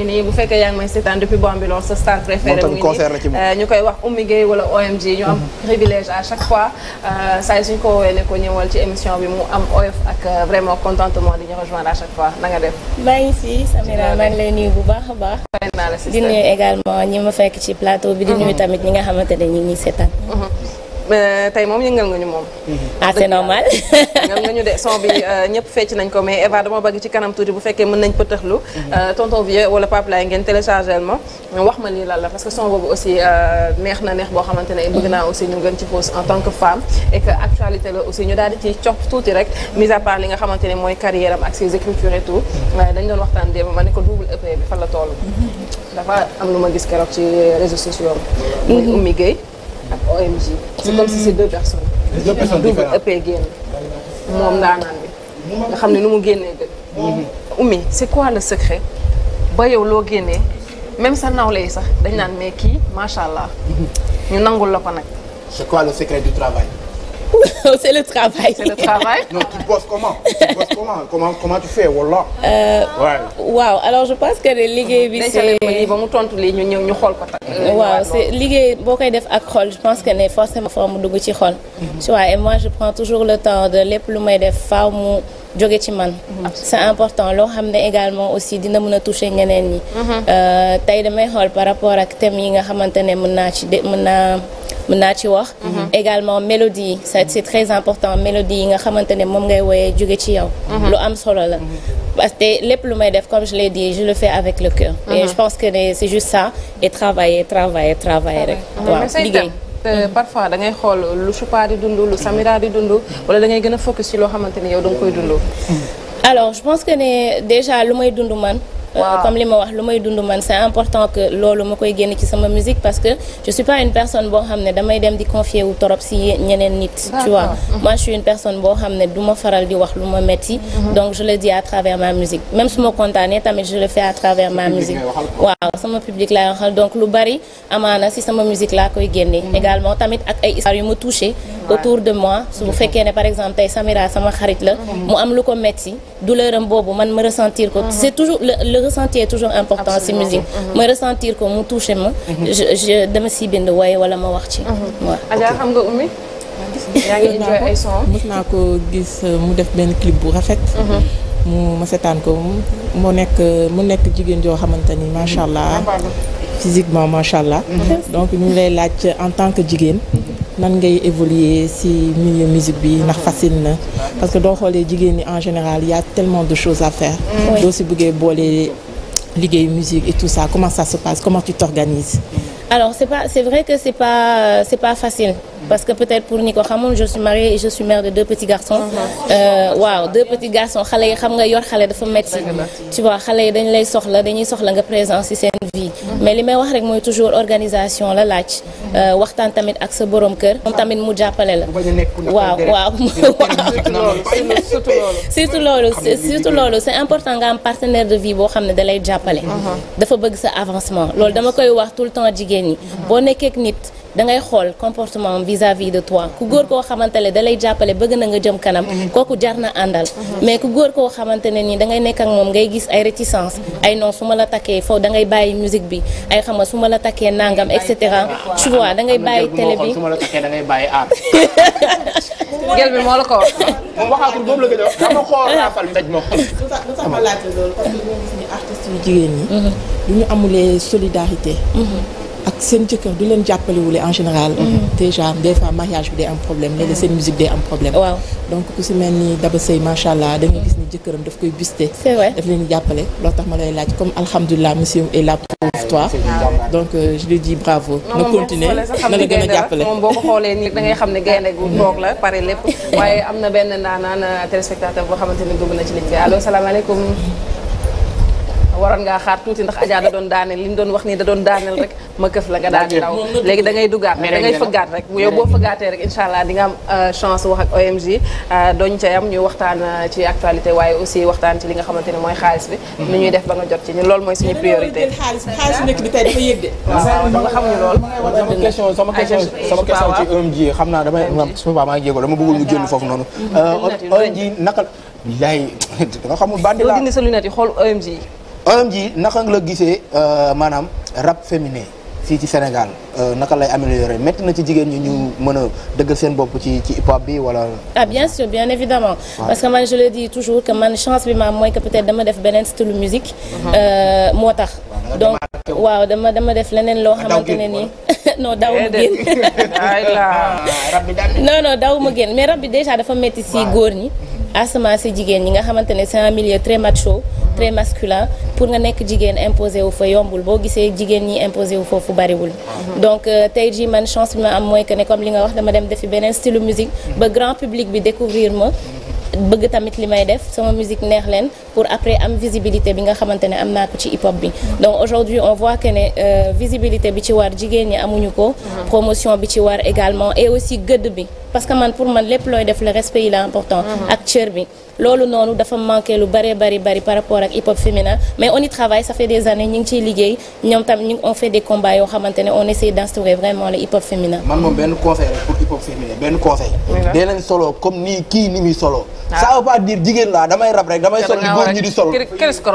may seetaan depuis Bambilor sa star préféré mu ngi nii euh, ñu koy wax ummi Gueye wala OMG ñu am mhm. privilège à chaque fois euh, saa suñ ko woowee ne ko ñëwal ci émission bi mu am oyof ak vraiment contentement di ñu rejoindre à chaque fois na nga def. maa ngi si Samira lay nuyu bu baax a baax. di nuyu également ñi ma fekk ci plateau bi. di nuyu mhm. tamit ñi nga xamante ne ñi ngi Euh, tey moom yëngal nga ñu moom. ah c'est normal. nga ñu de son bi euh, ñëpp fecc nañ ko mais Eva dama bëgg ci kanam tuuti bu fekkee mën nañ pëtëxlu. Mhm. Euh, tonton Vieux wala Pape Laye ngeen téléchargé ma wax ma lii lan la parce que son boobu aussi neex na neex boo xamante ne bëgg naa aussi ñu gën ci pause en tant que femme. et actualité la aussi ñu daal di ci copp tuuti rek mis à part li nga xamante ne mooy carrière am ak ses écritures et tout mhm. dañ doon waxtaan démb ma ne ko double EP bi fan mhm. dafa am lu ma gis keroog ci réseaux sociaux. muy Oumy Gueye. ak OMG. c'est comme si c'est de personnes. deux personnes différentes ëppee génn. moom ndaanaan bi nga xam ne nu mu génnee dëgg. Oumy c'est quoi le secret ba yow loo génnee même sa nawle yi sax dañ naan mais kii macha allah mhm. ñu nangul la ko nag. c'est quoi le secret du travail. c'est le travail. c'est le travail. non tu bosses comment tu bosses comment comment comment tu fais wala. Euh, je pense que liggéey bi c'est ba mu tontu lii ñu ñëw ñu xool ko tamit. liggéey boo koy def ak xol je pense que ne forcément faaw mu dugg ci xol. Mhm. tu vois et moi je prends toujours le temps de lépp lu may def faaw jóge ci man mhm. c'est important loo xam ne également aussi dina mën a toucher ñeneen ñi mhm. euh, tey damay xool par rapport ak thème yi nga xamante ne mën naa ci mën naa mën naa ci wax mhm. également mélodie yi ça c'est très important mélodie yi nga xamante ne moom ngay woye jóge ci yow lu am solo la parce que lépp lu may def comme je l'ai dit je le fais avec le cœur et je pense que c'est juste ça et travailler travailler travailler rek waaw te parfois da ngay xool lu Choupa di dund lu Samira di dund wala dangay ngay gën a focus ci loo xamante ni yow da koy dund alors je pense que ne déjà lu may dundu man Euh, waaw comme li ma wax lu may dund man c'est important que loolu ma koy génn ci sama musique parce que je suis pas une personne boo xam ne damay dem di confier wu torop si ñeneen nit tu vois mhm. suis une personne boo xam ne du ma faral di wax lu ma metti mhm. donc je le dis à travers ma musique même su ma kontaanee tamit je le fais à travers ma musique waaw sama public laay donc lu bari amaana si sama musique laa koy génnee mhm. également tamit ak ay histoires yu ma touché autour de moi su fekkee ne par exemple tey Samira sama xarit la mu am lu ko metti douleuram boobu man ma ressentir ko le ressenti est toujours important si musique ma mhm. ressentir ko mu touché ma mhm. je dama si bind waaye wala ma wax ci waaw mhm. Adja xam son mës naa ko gis euh, mu def benn clip bu rafet mu ma seetaan ko mu nekk euh, mu nekk jigéen joo xamante ni macha allah physiquement macha allah donc ñu lay laaj en tant que jigéen nan ngay évoluer si milieu musique bi ndax facile na parce que doo xoolee jigéen ñi en général y a tellement de choses à faire. doo ci bëggee boole liggéey musique et tout ça comment ça se passe comment tu t'organises. alors c'est pas c'est vrai que c'est pas c'est pas facile. parce que peut-être pour ñi ko xamul je suis mariée et je suis mère de deux petits garçons. Uh-huh. Euh, waaw deux petits garçons xale yi xam nga yor xale dafa métti. tu vois xale yi dañ lay soxla dañuy soxla nga présence ci seen vie. Uh-huh. mais li may wax rek mooy toujours organisation la laaj. Uh-huh. Euh, waxtaan tamit ak sa borom kër. moom tamit mu jàppale la. waaw waaw. surtout loolu surtout loolu c'est important nga am partenaire de vie boo xam ne da lay jàppale. dafa bëgg sa avancement loolu dama koy wax tout le temps jigéen ñi. boo nekkee nit. da ngay xool comportement vis-à-vis de toi ku góor koo xamante ne da jàppale bëgg na nga jëm kanam mhm. kooku jar na àndal mhm. mais ku góor koo xamante ne nii dangay nekk ak moom ngay gis ay réticence mhm. ay non suma la takkee foofu da ngay bàyyi musique bi ay xam nga su la takkee nangam et cetera tu vois da ngay bàyyi télé bi su ma la takkee da ngay bàyyi aar gel bi moo la ko wax moom waxaatul boobu la gëj a dama xool ah. raafal mbéj ma xool lu tax yu jigéen ñi du ñu amulee solidarité seen jëkkër du leen jàppalewule en général mhm. déjà des fois mariage bi day am problème léegi mhm. seen musique day am problème waaw donc ku si mel ni Daba Seye macha allah da nga gis ni jëkkëram daf koy buste c'est vrai daf leen jàppale loolu tax ma lay laaj comme alhamdulilah monsieur est là pour ah, toi donc euh, je lui dis bravo na continuer na la a jàppale boo ko xoolee da ngay xam ne gaynde gu toog mm-hmm. la pare lépp waaye am na benn naan ndaanaan euh, téléspectateur boo xamante ne dugg na ci liñ bi allo salaamaaleykum waroon ngaa xaar tuuti ndax Adja da doon daaneel li ñu doon wax nii da doon daaneel rek ma këf la nga daal di daw léegi da duggaat da ngay fëggaat rek yow boo fëggaatee rek incha allah di nga am euh, chance wax ak OMG euh, doñ ca yam ñu waxtaan euh, ci actualité waaye aussi waxtaan ci li nga xamante ne mooy xaalis bi nu ñuy def ba nga jot ci ñu loolu mooy suñu priorité xaalis de waaw nga xam ñu lool sama question sama question ci OMG xam naa damay su ma maa ngi jéego dama bëggul mu jënd foofu noonu OMG naka laay da nga xamul bandi la yi xool OMG naka la gisee euh, maanaam rap féminin fii ci Sénégal euh, naka lay améliorer métti na ci jigéen ñi ñu mën a dëggal seen bopp ci ci hip bi wala. ah bien sûr bien évidemment. Ouais. parce que man je le toujours que man chance bi ma am mooy que peut-être dama def beneen style musique. Mhm. Euh, moo tax. donc waaw dama dama def leneen loo ah, xamante ne nii. non daw ma génn ah, non non daw ma génn mais rab bi déjà dafa métti si góor ñi. Mhm. asamaan si jigéen ñi nga xamante ne c'est un milieu très macho très masculin pour nga nekk jigéen imposé wu fa yombul boo gisee jigéen ñi imposé wu foofu bariwul donc euh, tey jii man chance bi ma am mooy que ne comme li nga wax dama dem defi beneen style musique ba grand public bi découvrir ma bëgg tamit li may def sama musique neex leen pour après am visibilité bi nga xamante ne am naa ko ci hip hop bi donc aujourd'hui on voit que ne euh, visibilité bi ci war jigéen ñi amuñu ko promotion bi ci war également et aussi gëdd bi parce que man pour man lépp looy def le respect il est important mhm. ak cër bi loolu noonu dafa manqué lu bari bari bari par rapport ak hip hop féminin mais on y travaille ça fait des années ñu ngi ciy liggéey ñoom tam ñu ngi on fait des combats yoo xamante ne on essaie d'instaurer vraiment le solo Ah. ça veut pas dire jigéen laa damay rab rek damay sol góor ñi di sol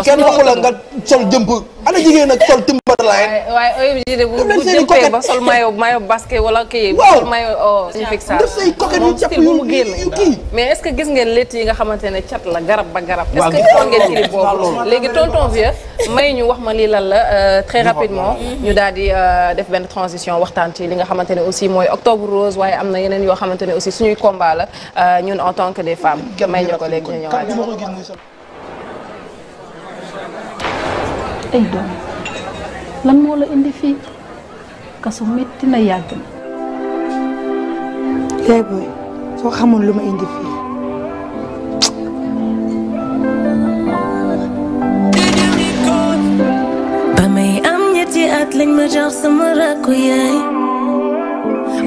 kenn waxu la nga sol jëmp ana jigéen ak sol timberline waaye OMG de bu jëmpee ba sol maillot maillot basket wala kii sol maillot ñu oh, fixé def say coquette yu cap yu kii mais est gis ngeen létt yi nga xamante ne cat la garab ba garab est-ce que xool ngeen ci boobu léegi tonton vieux may ñu wax ma lii lan la euh, très rapidement ñu daal di euh, def benn transition waxtaan ci li nga xamante ne aussi mooy octobre rose waaye am na yeneen yoo xamante ne aussi suñuy combat euh, ñun en tant que des femmes may ñu ko léegi ñu ñëwaat ay doom lan moo la indi fii kaso metti na yàgg na yaay booy soo xamoon lu ma indi fii ba may am ñetti at lañ ma jox sama rakku yaay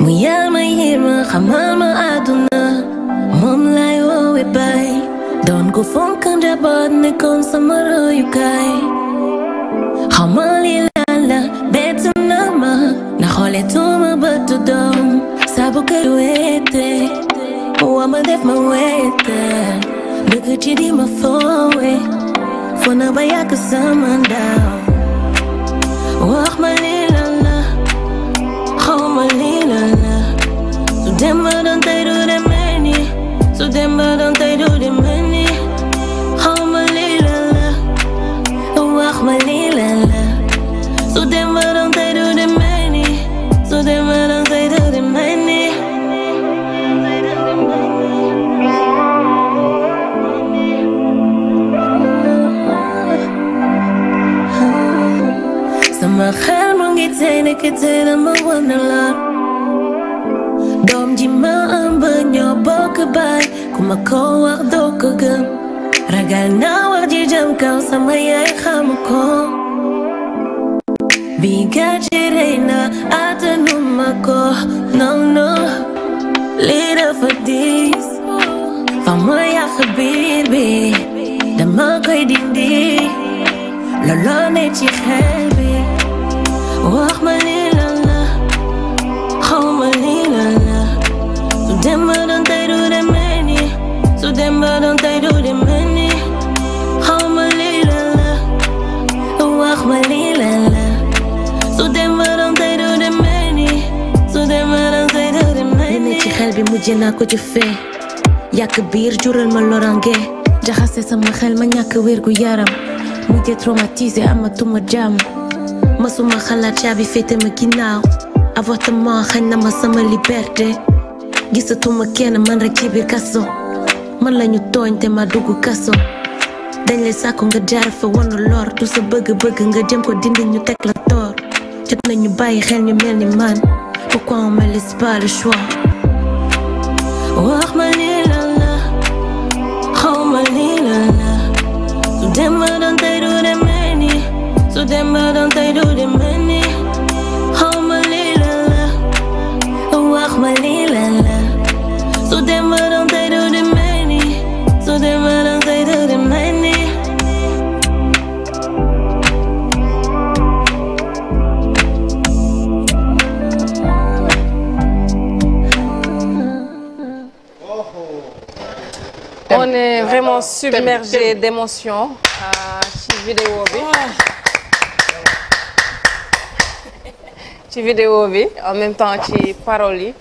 mu yaa ma yéema xamal ma àdduna moom laay doon ko fonk njaboot nekkoon sama royukaay xamali laa la bett na ma na xoole tuuma ma na ba yàq sama ndaw wax ma lii la la xaw ma la la su dem Titanic a tëram a wane la ji ma ëmb ñoo bokk baay ku ma ko wax doo ko ragal naa wax ji kaw sama yaay xamu ko bi gàcce rey na atanu ma ko non non lii dafa diis fa ma yàq biir bi dama koy dindi looloo ne ci xel wax ma lii la la xaw ma lii la la su dem ba doon tey du demee nii su dem ba doon tey du demee nii xaw ma lii la la wax ma lii la la su dem ba doon tey du demee nii su dem ba doon tey du demee nii ci xel bi mujj naa ko jëfee yàq biir jural ma lorange jaxase sama xel ma ñàkk wér gu yaram mujj traumatisé amatuma jàmm mësuma xalaat caabi féete ma ginnaaw avortement xañ na ma sama liberté gisatuma kenn man rek ci biir kaso man lañu tooñ te ma dugg kaso dañ lay sàkku nga jaar fa wanu lor tu sa bëgg-bëgg nga jëm ko dindi ñu teg la toor jot nañu bàyyi xel ñu mel ni man pourquoi on ma lii lan la do them, but don't they do them money? Oh, my little love. Oh, ah, my little love. So them, but don't they do them money? So them, but don't they do them money? On est vraiment submergé d'émotions. Euh, ci vidéo bi. Oh. ci vidéo bi en même temps ci paroles yi.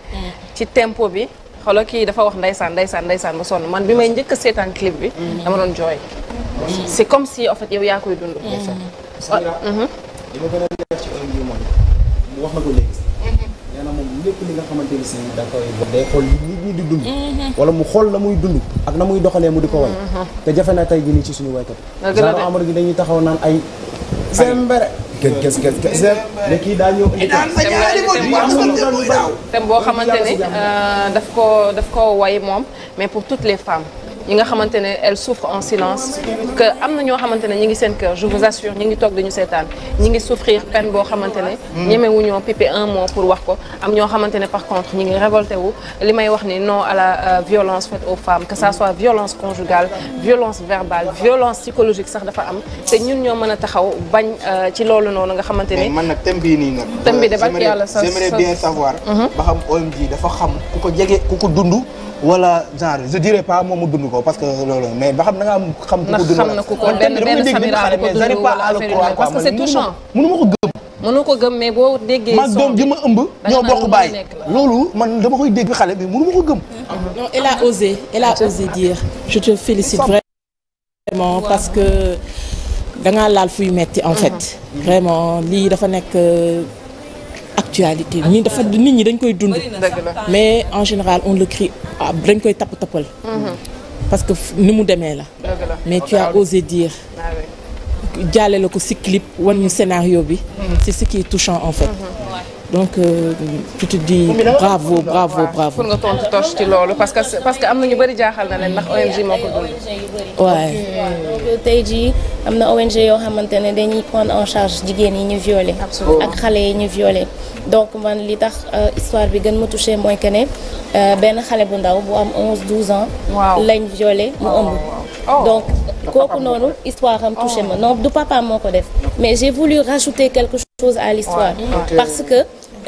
ci tempo bi. xoolal kii dafa wax ndeysaan ndeysaan ndeysaan ba sonn man bi may njëkk a seetaan clip bi. dama doon jooy. c'est comme si en fait yow yaa koy dund. Samira a neex ci mu wax na ko léegi. nee moom lépp li nga xamante ni si da koy day xool nit ñi di dund. wala mu xool la muy dund ak na muy doxalee mu di ko way. Mhm. te jafe na tey jii nii ci suñu waykat. dëgg la genre gi dañuy taxaw naan ay. Zembere. gë gës gës gës mais kii daa ñëw. thème boo xamante ne euh, daf koo daf koo way moom mais pour toutes les femmes. ñi nga xamante ne elle souffre en silence que am na ñoo xamante ne ñi ngi seen kër je vous assure ñi ngi toog dañu seetaan ñi ngi souffrir peine boo xamante ne hmm. ñemewuñoo piper un mot pour wax ko am ñoo xamante ne par contre ñi ngi révolté wu li may wax ni non à la euh, violence faite aux femmes que ça soit violence conjugale violence verbale violence psychologique sax dafa am te ñun ñoo mën a taxaw bañ euh, ci loolu noonu nga xamante ne man nag thème bii nii nag thème bi de euh, barke yàlla sa j'aimerais bien savoir mm-hmm. ba xam OMG dafa xam ku ko jege ku dund wala genre je dirais pas moom mu dund ko parce que loolu mais ba xam da nga xam. ku ko dund ko benn benn samira mais boo déggee. ma doom ji loolu man dama koy dégg xale bi mënu ma ko gëm. non elle a osé elle a dire. je te félicite vraiment parce que da laal fuy metti en mhm. fait. vraiment li dafa nekk. Euh, actualité nii dafa nit ñi dañ koy dund mais en général on le crie ah, dañ koy tapp tappal mhm. parce que ni mu demee la mais tu as osé dire ah jaale la ko si clip wan ñu scénario bi mhm. c'est ce touchant en fait mhm. donc euh, tu te dis bravo bravo bravo. parce que parce que am na ñu bëri jaaxal na leen ndax ONG moo ko dund. Euh, tey jii am na ONG yoo xamante ne dañuy prendre en charge jigéen yi ñu violé. ak xale yi ñu viole donc man li tax euh, histoire bi gën ma touché mooy que ne benn xale bu ndaw bu am 11 12 ans. lañ violé mu ëmb. Oh. donc kooku noonu histoire am touché ma oh. non du papa moo ko def mais j'ai voulu rajouter quelque chose. chose à l'histoire okay. parce que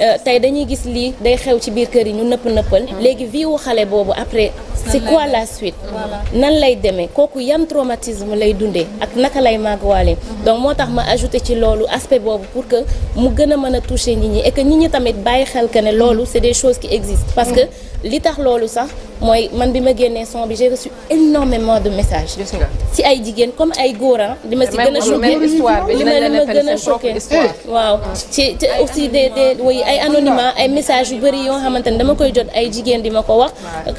euh, tey dañuy gis lii day xew ci biir kër yi ñu nëpp nëppal mm-hmm. léegi vie xale boobu après c'est quoi la suite nan lay demee kooku yan traumatisme lay dundee ak naka lay màggawaale mm-hmm. donc moo tax ma ajouté ci loolu aspect boobu pour que mu gën a mën a toucher nit ñi et que nit ñi tamit bàyyi xel que ne loolu c'est des choses qui existent parce que mm-hmm. li tax loolu sax mooy man bi ma génnee son bi j'ai reçu énormément de messages. si ay jigéen comme ay góor ah, li ma si gën a choqué li ma li ma gën a choqué waaw ci aussi de des woy ay anonymat ay messages yu bëri yoo xamante ne dama koy jot ay jigéen di ma ko wax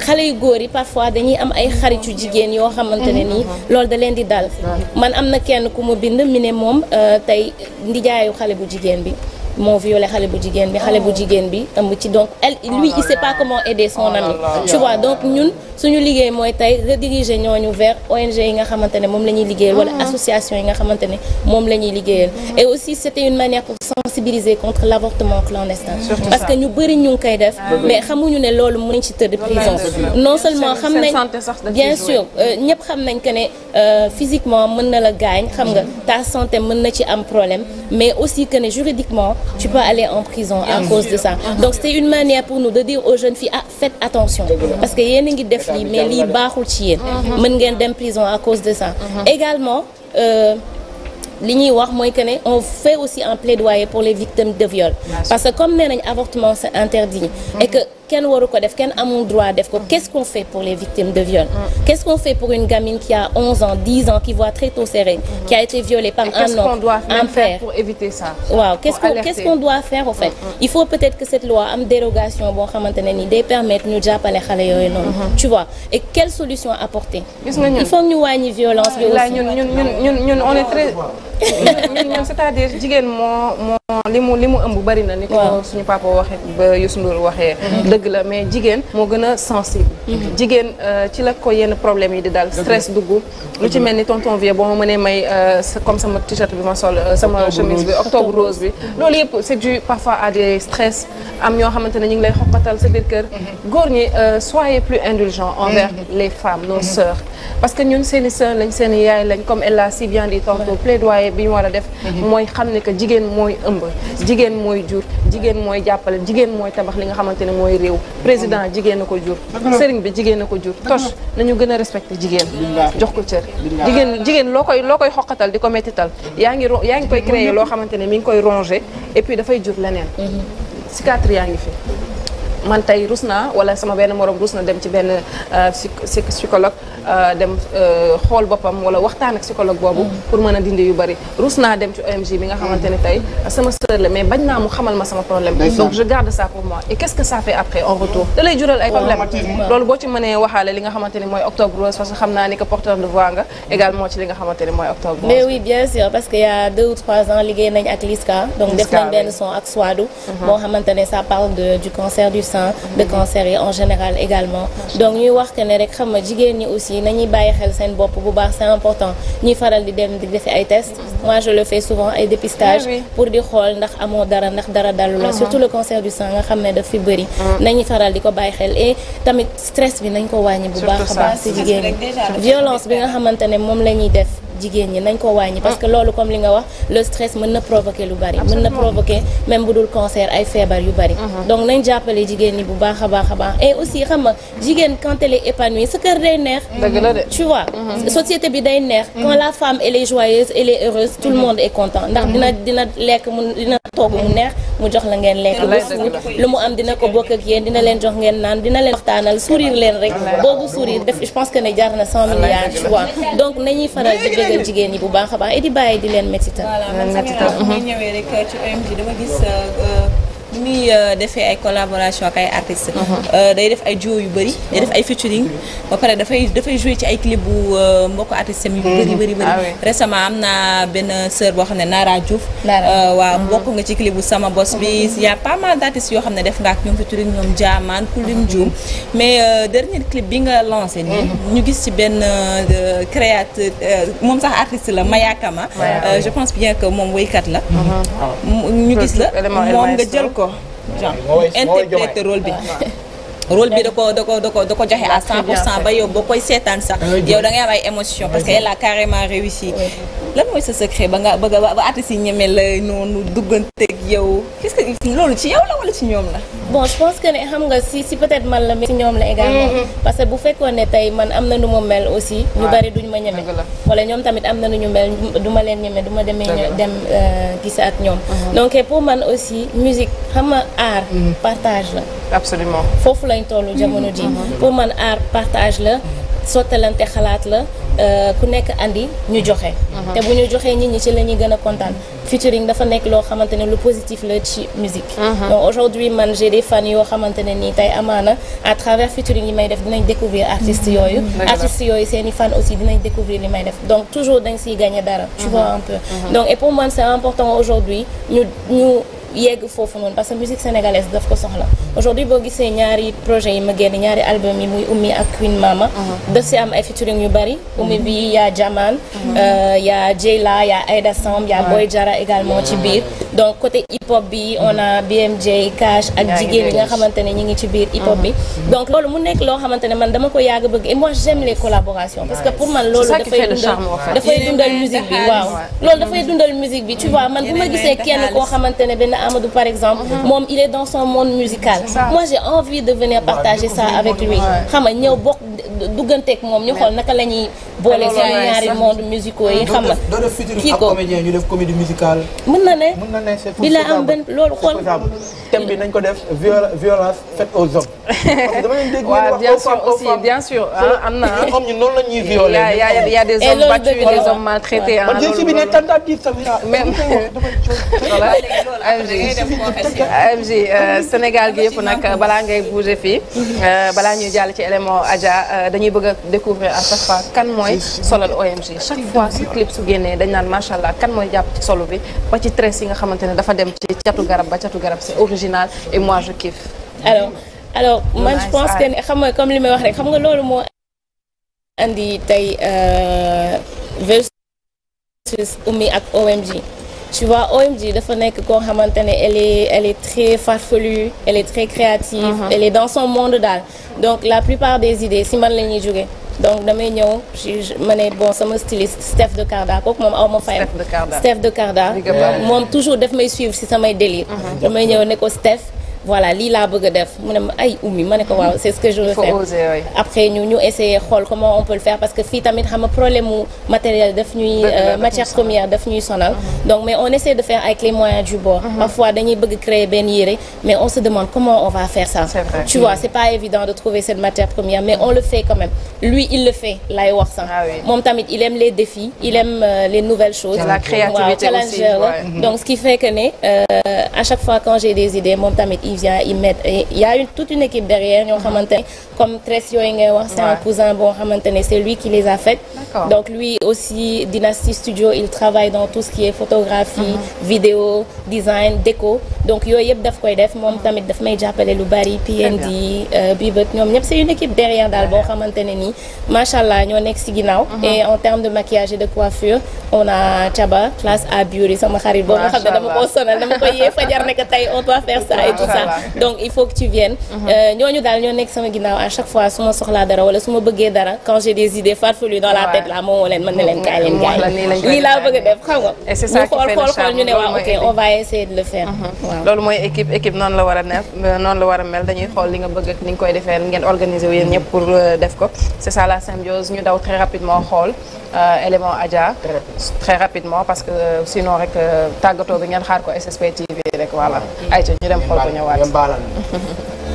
xale yu góor yi parfois dañuy am ay xaritu jigéen yoo xamante ne nii mm-hmm. loolu da leen di dal man am na kenn ku mu bind mi ne moom euh, tey ndijaayu xale bu jigéen bi moo violé xale bu jigéen bi xale bu jigéen bi ëmb ci donc elle lui il sait pas comment aider son ami ah tu vois donc ñun suñu liggéey mooy tey rediriger ñooñu vert ONG yi nga xamante ne moom la ñuy liggéeyal wala ah. association yi nga xamante ne moom la ñuy liggéeyal mm-hmm. et aussi c'était une manière pour sensibiliser contre l'avortement clandestin parce que ñu bëri ñu ngi koy def ah. mais xamuñu ne loolu mën ci tëdd prison non seulement xam nañ bien sûr euh, ñëpp xam nañ que ne euh, physiquement mën na la gaañ xam nga mm-hmm. ta santé mën na ci am problème mais aussi que ne juridiquement tu peux aller en prison à cause de ça donc c'est une manière pour nous de dire aux jeunes filles ah, faites attention parce que yéen a ngi def lii mais lii baaxul ci yéen mhm. mën ngeen dem prison à cause de ça mhm. également euh, li ñuy wax mooy que ne on fait aussi un plaidoyer pour les victimes de viol parce que comme nee nañ avortement c'est et que kenn waru ko def kenn droit def qu'est-ce qu'on fait pour les victimes de viol mm. qu'est-ce qu'on fait pour une gamine qui a 11 ans 10 ans qui voit très tôt ses mm-hmm. qui a été violée par un homme un frère pour éviter ce qu'on doit faire au fait mm-hmm. il faut peut-être que cette loi am dérogation boo xamante ne ni day permettre ñu jàppale xale yooyu noonu mm-hmm. tu vois et quelle solution apporter il faut ñu wàññi violence bi aussi ñun ñun dëgg la mais jigéen moo gën a sensible mhm. jigéen euh, ci la ko yenn problème yi di dal stress dugg lu ci mel ni tonton vieux boo ma mënee may euh, comme sama t-shirt bi ma sol euh, sama chemise bi octobre rose bi mhm. loolu yëpp c'est dû parfois à stress am ñoo xamante ñu ngi lay xokkatal sa biir kër mhm. góor ñi soyez plus indulgents envers les femmes nos sœurs parce que ñun seeni sœur lañ seeni yaay lañ comme elle si bien dit tantôt plaidoyer bi ñu war a def mooy xam ne que jigéen réew président jigéen a ko jur sëriñ bi jigéen a ko jur tos nañu gën a respecté jigéen jox ko cër jigéen jigéen loo koy loo koy xoqatal di ko mettital yaa ngi yaa ngi koy créer loo xamante ne mu ngi koy rongé et puis dafay jur leneen mm-hmm. cicatrice yaa ngi fi man tey rus naa wala sama benn morom rus na dem ci benn euh, psychologue euh, dem euh, xool boppam wala waxtaan ak psychologue boobu mm. pour mën a dindi yu bari rus naa dem ci OMG bi nga mm. xamante ne sama sœur mais bañ naa mu xamal ma sama problème donc je garde ça pour moi et qu'est-ce que ça fait après en retour da lay jural ay problème loolu boo ci mënee waxaale li nga xamante ni mooy octobre rose parce que xam naa ni que porteur de voix nga également ci li nga xamante ni a deux ou trois ans liggéey nañ ak Liska sein de cancer yi en général également donc ñuy wax ne rek xam nga jigéen ñi aussi nañuy bàyyi xel seen bopp bu baax c'est important ñuy faral di dem di defi ay tests moi je le fais souvent ay dépistage ah pour di xool ndax amoo dara ndax dara dalu la ah ah. surtout le cancer du sein nga xam ne daf fi bëri nañuy faral di ko bàyyi xel et tamit stress bi nañ ko wàññi bu baax a baax si jigéen ñi violence bi nga xamante ne moom la ñuy def jigéen ñi nañ ko wàññi parce que ah. loolu comme li nga wax le stress mën na provoquer lu bari mën na provoquer même bu dul cancer ay feebar yu bari mhm. donc nañ jàppale jigéen ñi bu baax a baax et aussi xam nga jigéen quand elle est kër day neex mhm. tu vois mhm. société bi day neex quand la femme elle est joyeuse elle est heureuse tout le monde est content ndax dina dina lekk mu dina togg mu neex mu jox la ngeen lekk ba suur lu mu am dina ko bokk ak yéen dina leen jox ngeen naan dina leen waxtaanal sourire leen rek boobu sourire def je que ne jar na cent sargal jigéen ñi bu baax a baax et di bàyyi di leen métital. voilà man bu muy euh, defee ay collaboration ak ay artistes. Mhm. Euh, day def ay duo yu bëri. day def ay featuring ba pare dafay dafay joué ci ay clip bu euh, mbokk artistes yu bëri bëri bëri. Mhm. Ah récemment am na benn sœur boo xam ne Nara Diouf. waaw mbokk mhm. nga ci clip bu sama bos bi. y a pas mal d' yoo xam ne def nga ak ñoom featuring ñoom Jaamaan Kulim Dioum mais dernier clip bi nga lancé nii. ñu gis ci benn créateur moom sax artiste la Mayakama. je pense moom woykat la. ñu gis la moom nga jël ko genre bi rôle bi da ko da ko da ko da ko joxe à 100 pour cent ba yow boo koy seetaan sax yow da ngay am ay émotion parce que elle a carrément réussi lan mooy sa secret ba nga ba artiste si ñeme la noonu dugganteeg yow qu'est-ce que loolu ci yow la wala ci ñoom la bon je pense que ne xam nga si si peut-être man la mais si ñoom la également mm-hmm. parce que bu fekkoon ne tey man am na nu ma mel aussi ñu bari duñ ma ñeme wala ñoom tamit am na nu ñu mel duma leen ñeme du ma demee dem euh, gise ak ñoom mm-hmm. donc pour man aussi musique xam nga art mm-hmm. partage la absolument foofu lañ tollu jamono ji pour man aar partage la sottalante xalaat la Euh, ku nekk andi ñu joxe. Uh-huh. te bu ñu joxee nit ñi ci la ñuy kontaan. featuring dafa nekk loo xamante ne lu positif la ci musique. Uh-huh. donc aujourd'hui man j'ai des yoo xamante ne nii tey amaana à travers featuring yi may def dinañ découvrir artistes mm-hmm. yooyu. artistes yooyu seeni fans aussi dinañ découvrir li may def donc toujours dañ siy gagner dara. tu uh-huh. vois un peu donc et pour moi c'est important aujourd'hui ñu. yegg foofu noonu parce que musique sénégalaise daf ko soxla aujourd'hui boo gisee ñaari projet yi ma génn ñaari album yi muy ummi ak Queen Mama uh-huh. daf si am ay featuring yu bari uh-huh. ummi bi yaa Jaman uh-huh. euh, yaa Jayla yaa Aida Samb yaa Boy Jara également ci biir donc côté hip hop bi on a BMJ Cash ak jigéen yi nga xamante ñi ngi ci biir hip hop bi donc loolu mu nekk loo xamante ne man dama ko yàgg bëgg et moi j'aime les collaborations parce que pour man loolu Amadou par exemple mhm. moom il est dans son monde musical moi j'ai envie de venir partager ça avec lui xam nga ñëw bokk dugganteeg moom ñu xool naka la ñuy boole seen ñaari monde musicaux yi ah. xam nga kii ko comédien ñu def comédie musicale mën na ne mën na ne bi la am benn loolu xool thème bi nañ ko def violence faite aux hommes dama leen dégg waaw bien sûr aussi bien sûr am na homme ñu noonu la ñuy violer il y a des hommes battus des hommes maltraités man je suis bi ne tentative tamit même AMG euh, Sénégal gi yëpp nag balaa ngay bouger fii euh, balaa ñuy jàll ci élément Adja euh, dañuy bëgg a découvrir à chaque fois kan mooy mooy solal OMG chaque fois su clip su génnee dañ naan macha allah kan mooy jàpp ci solo bi ba ci tresse yi nga xamante ne dafa dem ci catu garab ba catu garab c'est original et moi je kiffe. alors alo man je pense que xam nga comme li may wax rek xam nga loolu moo andi tey euh, versus ak OMG. tu vois OMG dafa nekk koo xamante ne elle est elle est très farfelue elle est très créative. Uh mhm. -huh. elle est dans son monde daal donc la plupart des idées si man la ñuy jóge donc damay ñëw ma ne bon sama styliste Steph de Carda kooku moom aw ma fayam. Steph de Carda moom toujours daf may suivre si samay délire. Mhm. damay ñëw ne ko Steph. voilà lii laa bëgg a def mu ne ma ay ummi ma ne ko c'est ce que je veux faire après ñu ñu essayer xool comment on peut le faire parce que fii tamit xam problème matériel daf euh, matière première daf ñuy mhm. donc mais on essaie de faire avec les moyens du bord mhm. parfois dañuy bëgg créer benn mais on se demande comment on va faire ça tu vois mhm. c'est pas évident de trouver cette matière première mais on le fait quand même lui il le fait ah euh, la créativité aussi étudiants yi mettent y a une toute une équipe derrière ñoo xamante ne comme tresse yooyu ngay wax c'est cousin boo xamante ne c'est lui qui les a faites donc lui aussi Dynasty Studio il travaille dans tout ce qui est photographie mm-hmm. vidéo design déco donc yooyu yëpp daf koy def moom tamit daf may jàppale lu bari PND bi bët ñoom ñëpp c'est une équipe derrière daal boo xamante ne nii macha allah ñoo nekk si ginnaaw mhm. et en termes de maquillage de coiffure on a Thiaba classe à beauty sama xarit boo nga xam ne dama koo sonal dama koy yee fajar nekk tey on doit faire ça et tout ça donc il faut que tu viennes mhm. euh, ñooñu daal ñoo nekk sama ginnaaw à chaque fois su ma soxlaa dara wala su ma bëggee dara quand j'ai des idées dans la tête leen mën a def xam ñu ne waaw ok on loolu mooy équipe équipe noonu la war a neef noonu la war a mel dañuy xool li nga bëgg ak ni nga koy defee ngeen organiser wu yéen ñëpp pour euh, def ko c'est ça la symbiose ñu daw très rapidement xool euh, élément Adja très rapidement parce que euh, sinon rek tàggatoo bi ngeen xaar ko SSP TV rek voilà ayca ñu dem xool ko ñëwaat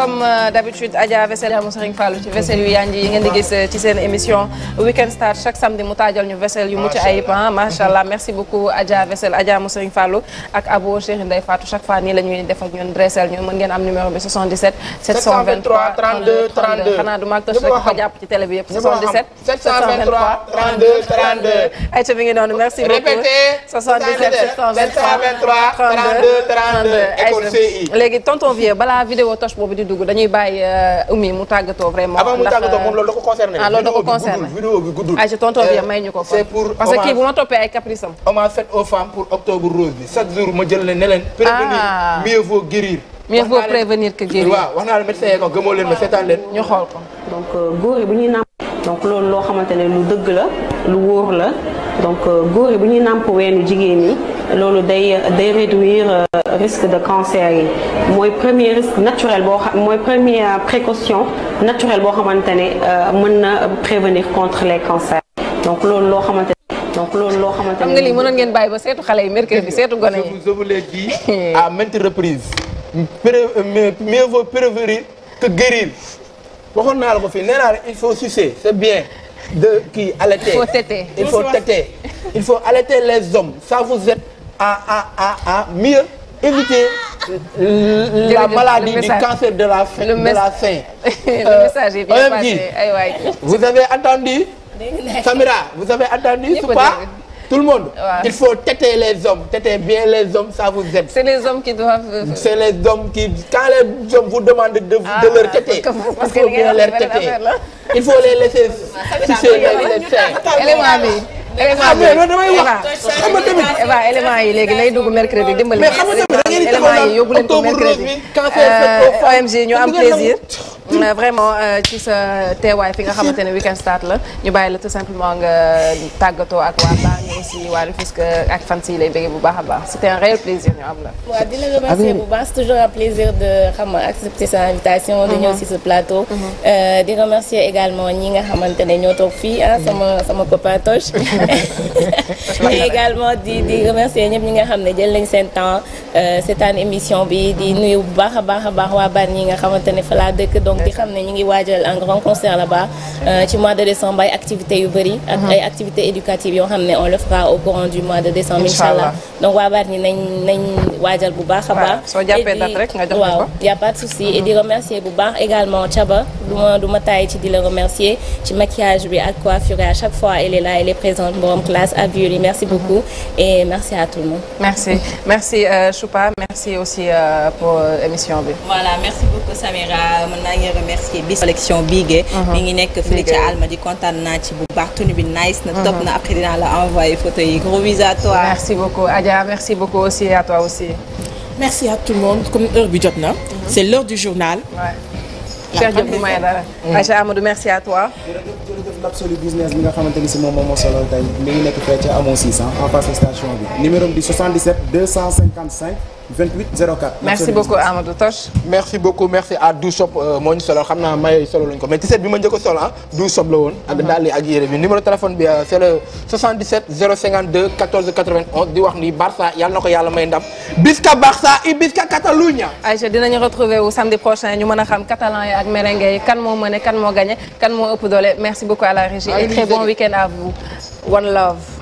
comme euh, d'habitude Adja Vessel amu Serigne Fallou ci vaisselle yu yanj yi ngeen euh, ci seen émission Weekend Start chaque samedi mu taajal ñu vaisselle yu mucc ayib macha allah ah, merci beaucoup Adja Vessel Adja amu Serigne ak Abo Cheikh Ndeye Fatou chaque fois nii la ñuy def ak ñun dressel am numéro bi 77 723 32 32 xanaa du merci beaucoup dugg dañuy bàyyi euh, Oumy mu tàggatoo vraiment. mu tàggatoo moom euh, loolu da ko concerné. ah loolu ko concerné vidéo bi guddul. ay ci tonton bi euh, may ñu ko parce que bu ma toppee ay caprice am. hommage fait aux pour octobre rose bi chaque jour ma jël leen ne leen. prévenir ah. mieux vaut guérir. mieux vaut prévenir que guérir. waaw wax naa la médecin yi ko gëmoo leen ma seetaan leen. ñu xool ko donc euh, góor yi bu ñuy nàmp. donc loolu loo xamante ne lu dëgg la lu wóor la donc euh, góor yi bu ñuy nàmp weenu jigéen ñi loolu day day réduire euh, risque de cancer yi mooy premier risque naturel boo xam mooy première précaution naturelle boo xamante ne mën na prévenir contre les cancers donc loolu loo xamante donc loolu loo xamante ne. xam nga lii mënoon ngeen bàyyi ba seetu xale yi mercredi seetu gone yi. je vous je vous l'ai dit à maintes reprises. mi mieux vaut prévenir que guérir waxoon naa la ko fii nee naa la il faut sucer c'est bien de kii allaiter. il faut téter il faut téter faut allaiter les hommes ça vous aide à à à à mieux éviter la maladie du cancer de la faim de la faim. le message est bien euh, passé ay waay. vous avez attendu. Samira vous avez attendu. ñëpp tout le monde. il faut têter les hommes têter bien les hommes ça vous aide. c'est les hommes qui doivent. Euh, c'est les hommes qui quand les hommes vous demandent de. Ah, de leur têter. parce que il faut bien leur têter il faut les laisser. sucer les seins. élément bi loolu damay wax xam nga yi léegi lay dugg mercredi dimbali. mais xam nga mercredi. OMG euh, ñu am plaisir. vraiment euh, ci sa teewaay fi nga xamante ne weekend start la ñu bàyyi la tout simplement nga tàggatoo ak waa Ba ñu aussi waa Rufisque ak fan si lay bëggee bu baax a baax c' un réel plaisir ñu am la. waaw di la remercier bu baax c' toujours un plaisir de xam nga accepter sa invitation. de mm-hmm. ñëw si ce plateau. Mm-hmm. Euh, di remercier également ñi nga xamante ne ñoo toog fii ah mm-hmm. sama sama mais également di di remercier ñëpp ñi nga xam ne jël nañ seen temps seetaan euh, émission bi di nuyu bu baax a baax a baax waa baax ñi nga xamante ne fa laa dëkk donc di xam ne ñu ngi waajal un grand concert là-bas euh, ci mois de décembre ay activités yu bëri ak mhm. ay activités éducatives yoo xam ne on le fera au courant du mois de décembre incha allah donc waa ban yi nañ nañ waajal bu baax a baax soo jàppee date rek nga jox waaw y a pas de souci et di mhm. remercier bu baax également Thiaba du ma du ma taay ci di la bi ak coiffure à chaque fois elle donc ak yi merci beaucoup et merci à tout le monde. Euh, aussi euh, pour euh, émission bi. voilà merci beaucoup Samira mën naa ngi remercier bi collection Bigué. Mhm. mi ngi nekk fële Alma di kontaan naa ci bu baax tenue nice na top mhm. na après dinaa la envoyer photo yi gros bisous à toi. merci beaucoup Adja merci beaucoup aussi à toi aussi. merci à tout le monde comme heure bi jot na. c'est l'heure du journal. Cheikh Diop du may dara. Aïcha xamante ni moom moom ngi nekk fee ca amoo 600 en face station bi numéro bi 77 28 04. merci beaucoup Amadou Toch. merci beaucoup euh, xam naa may solo lañ ko mais 17 bi ma njëkk a solo ah Dou la woon. ak uh-huh. daal ak yére bi numéro téléphone bi euh, c'est le di wax ni Barça yàlla na ko yàlla may ndam Bisca Barça et Bisca Catalunya. Aïcha dinañu retrouver wu samedi prochain ñu mën a xam catalan yi ak merengue yi kan moo mëne kan moo gagné kan moo ëpp doole merci beaucoup à la régie. et très bon week-end à one love.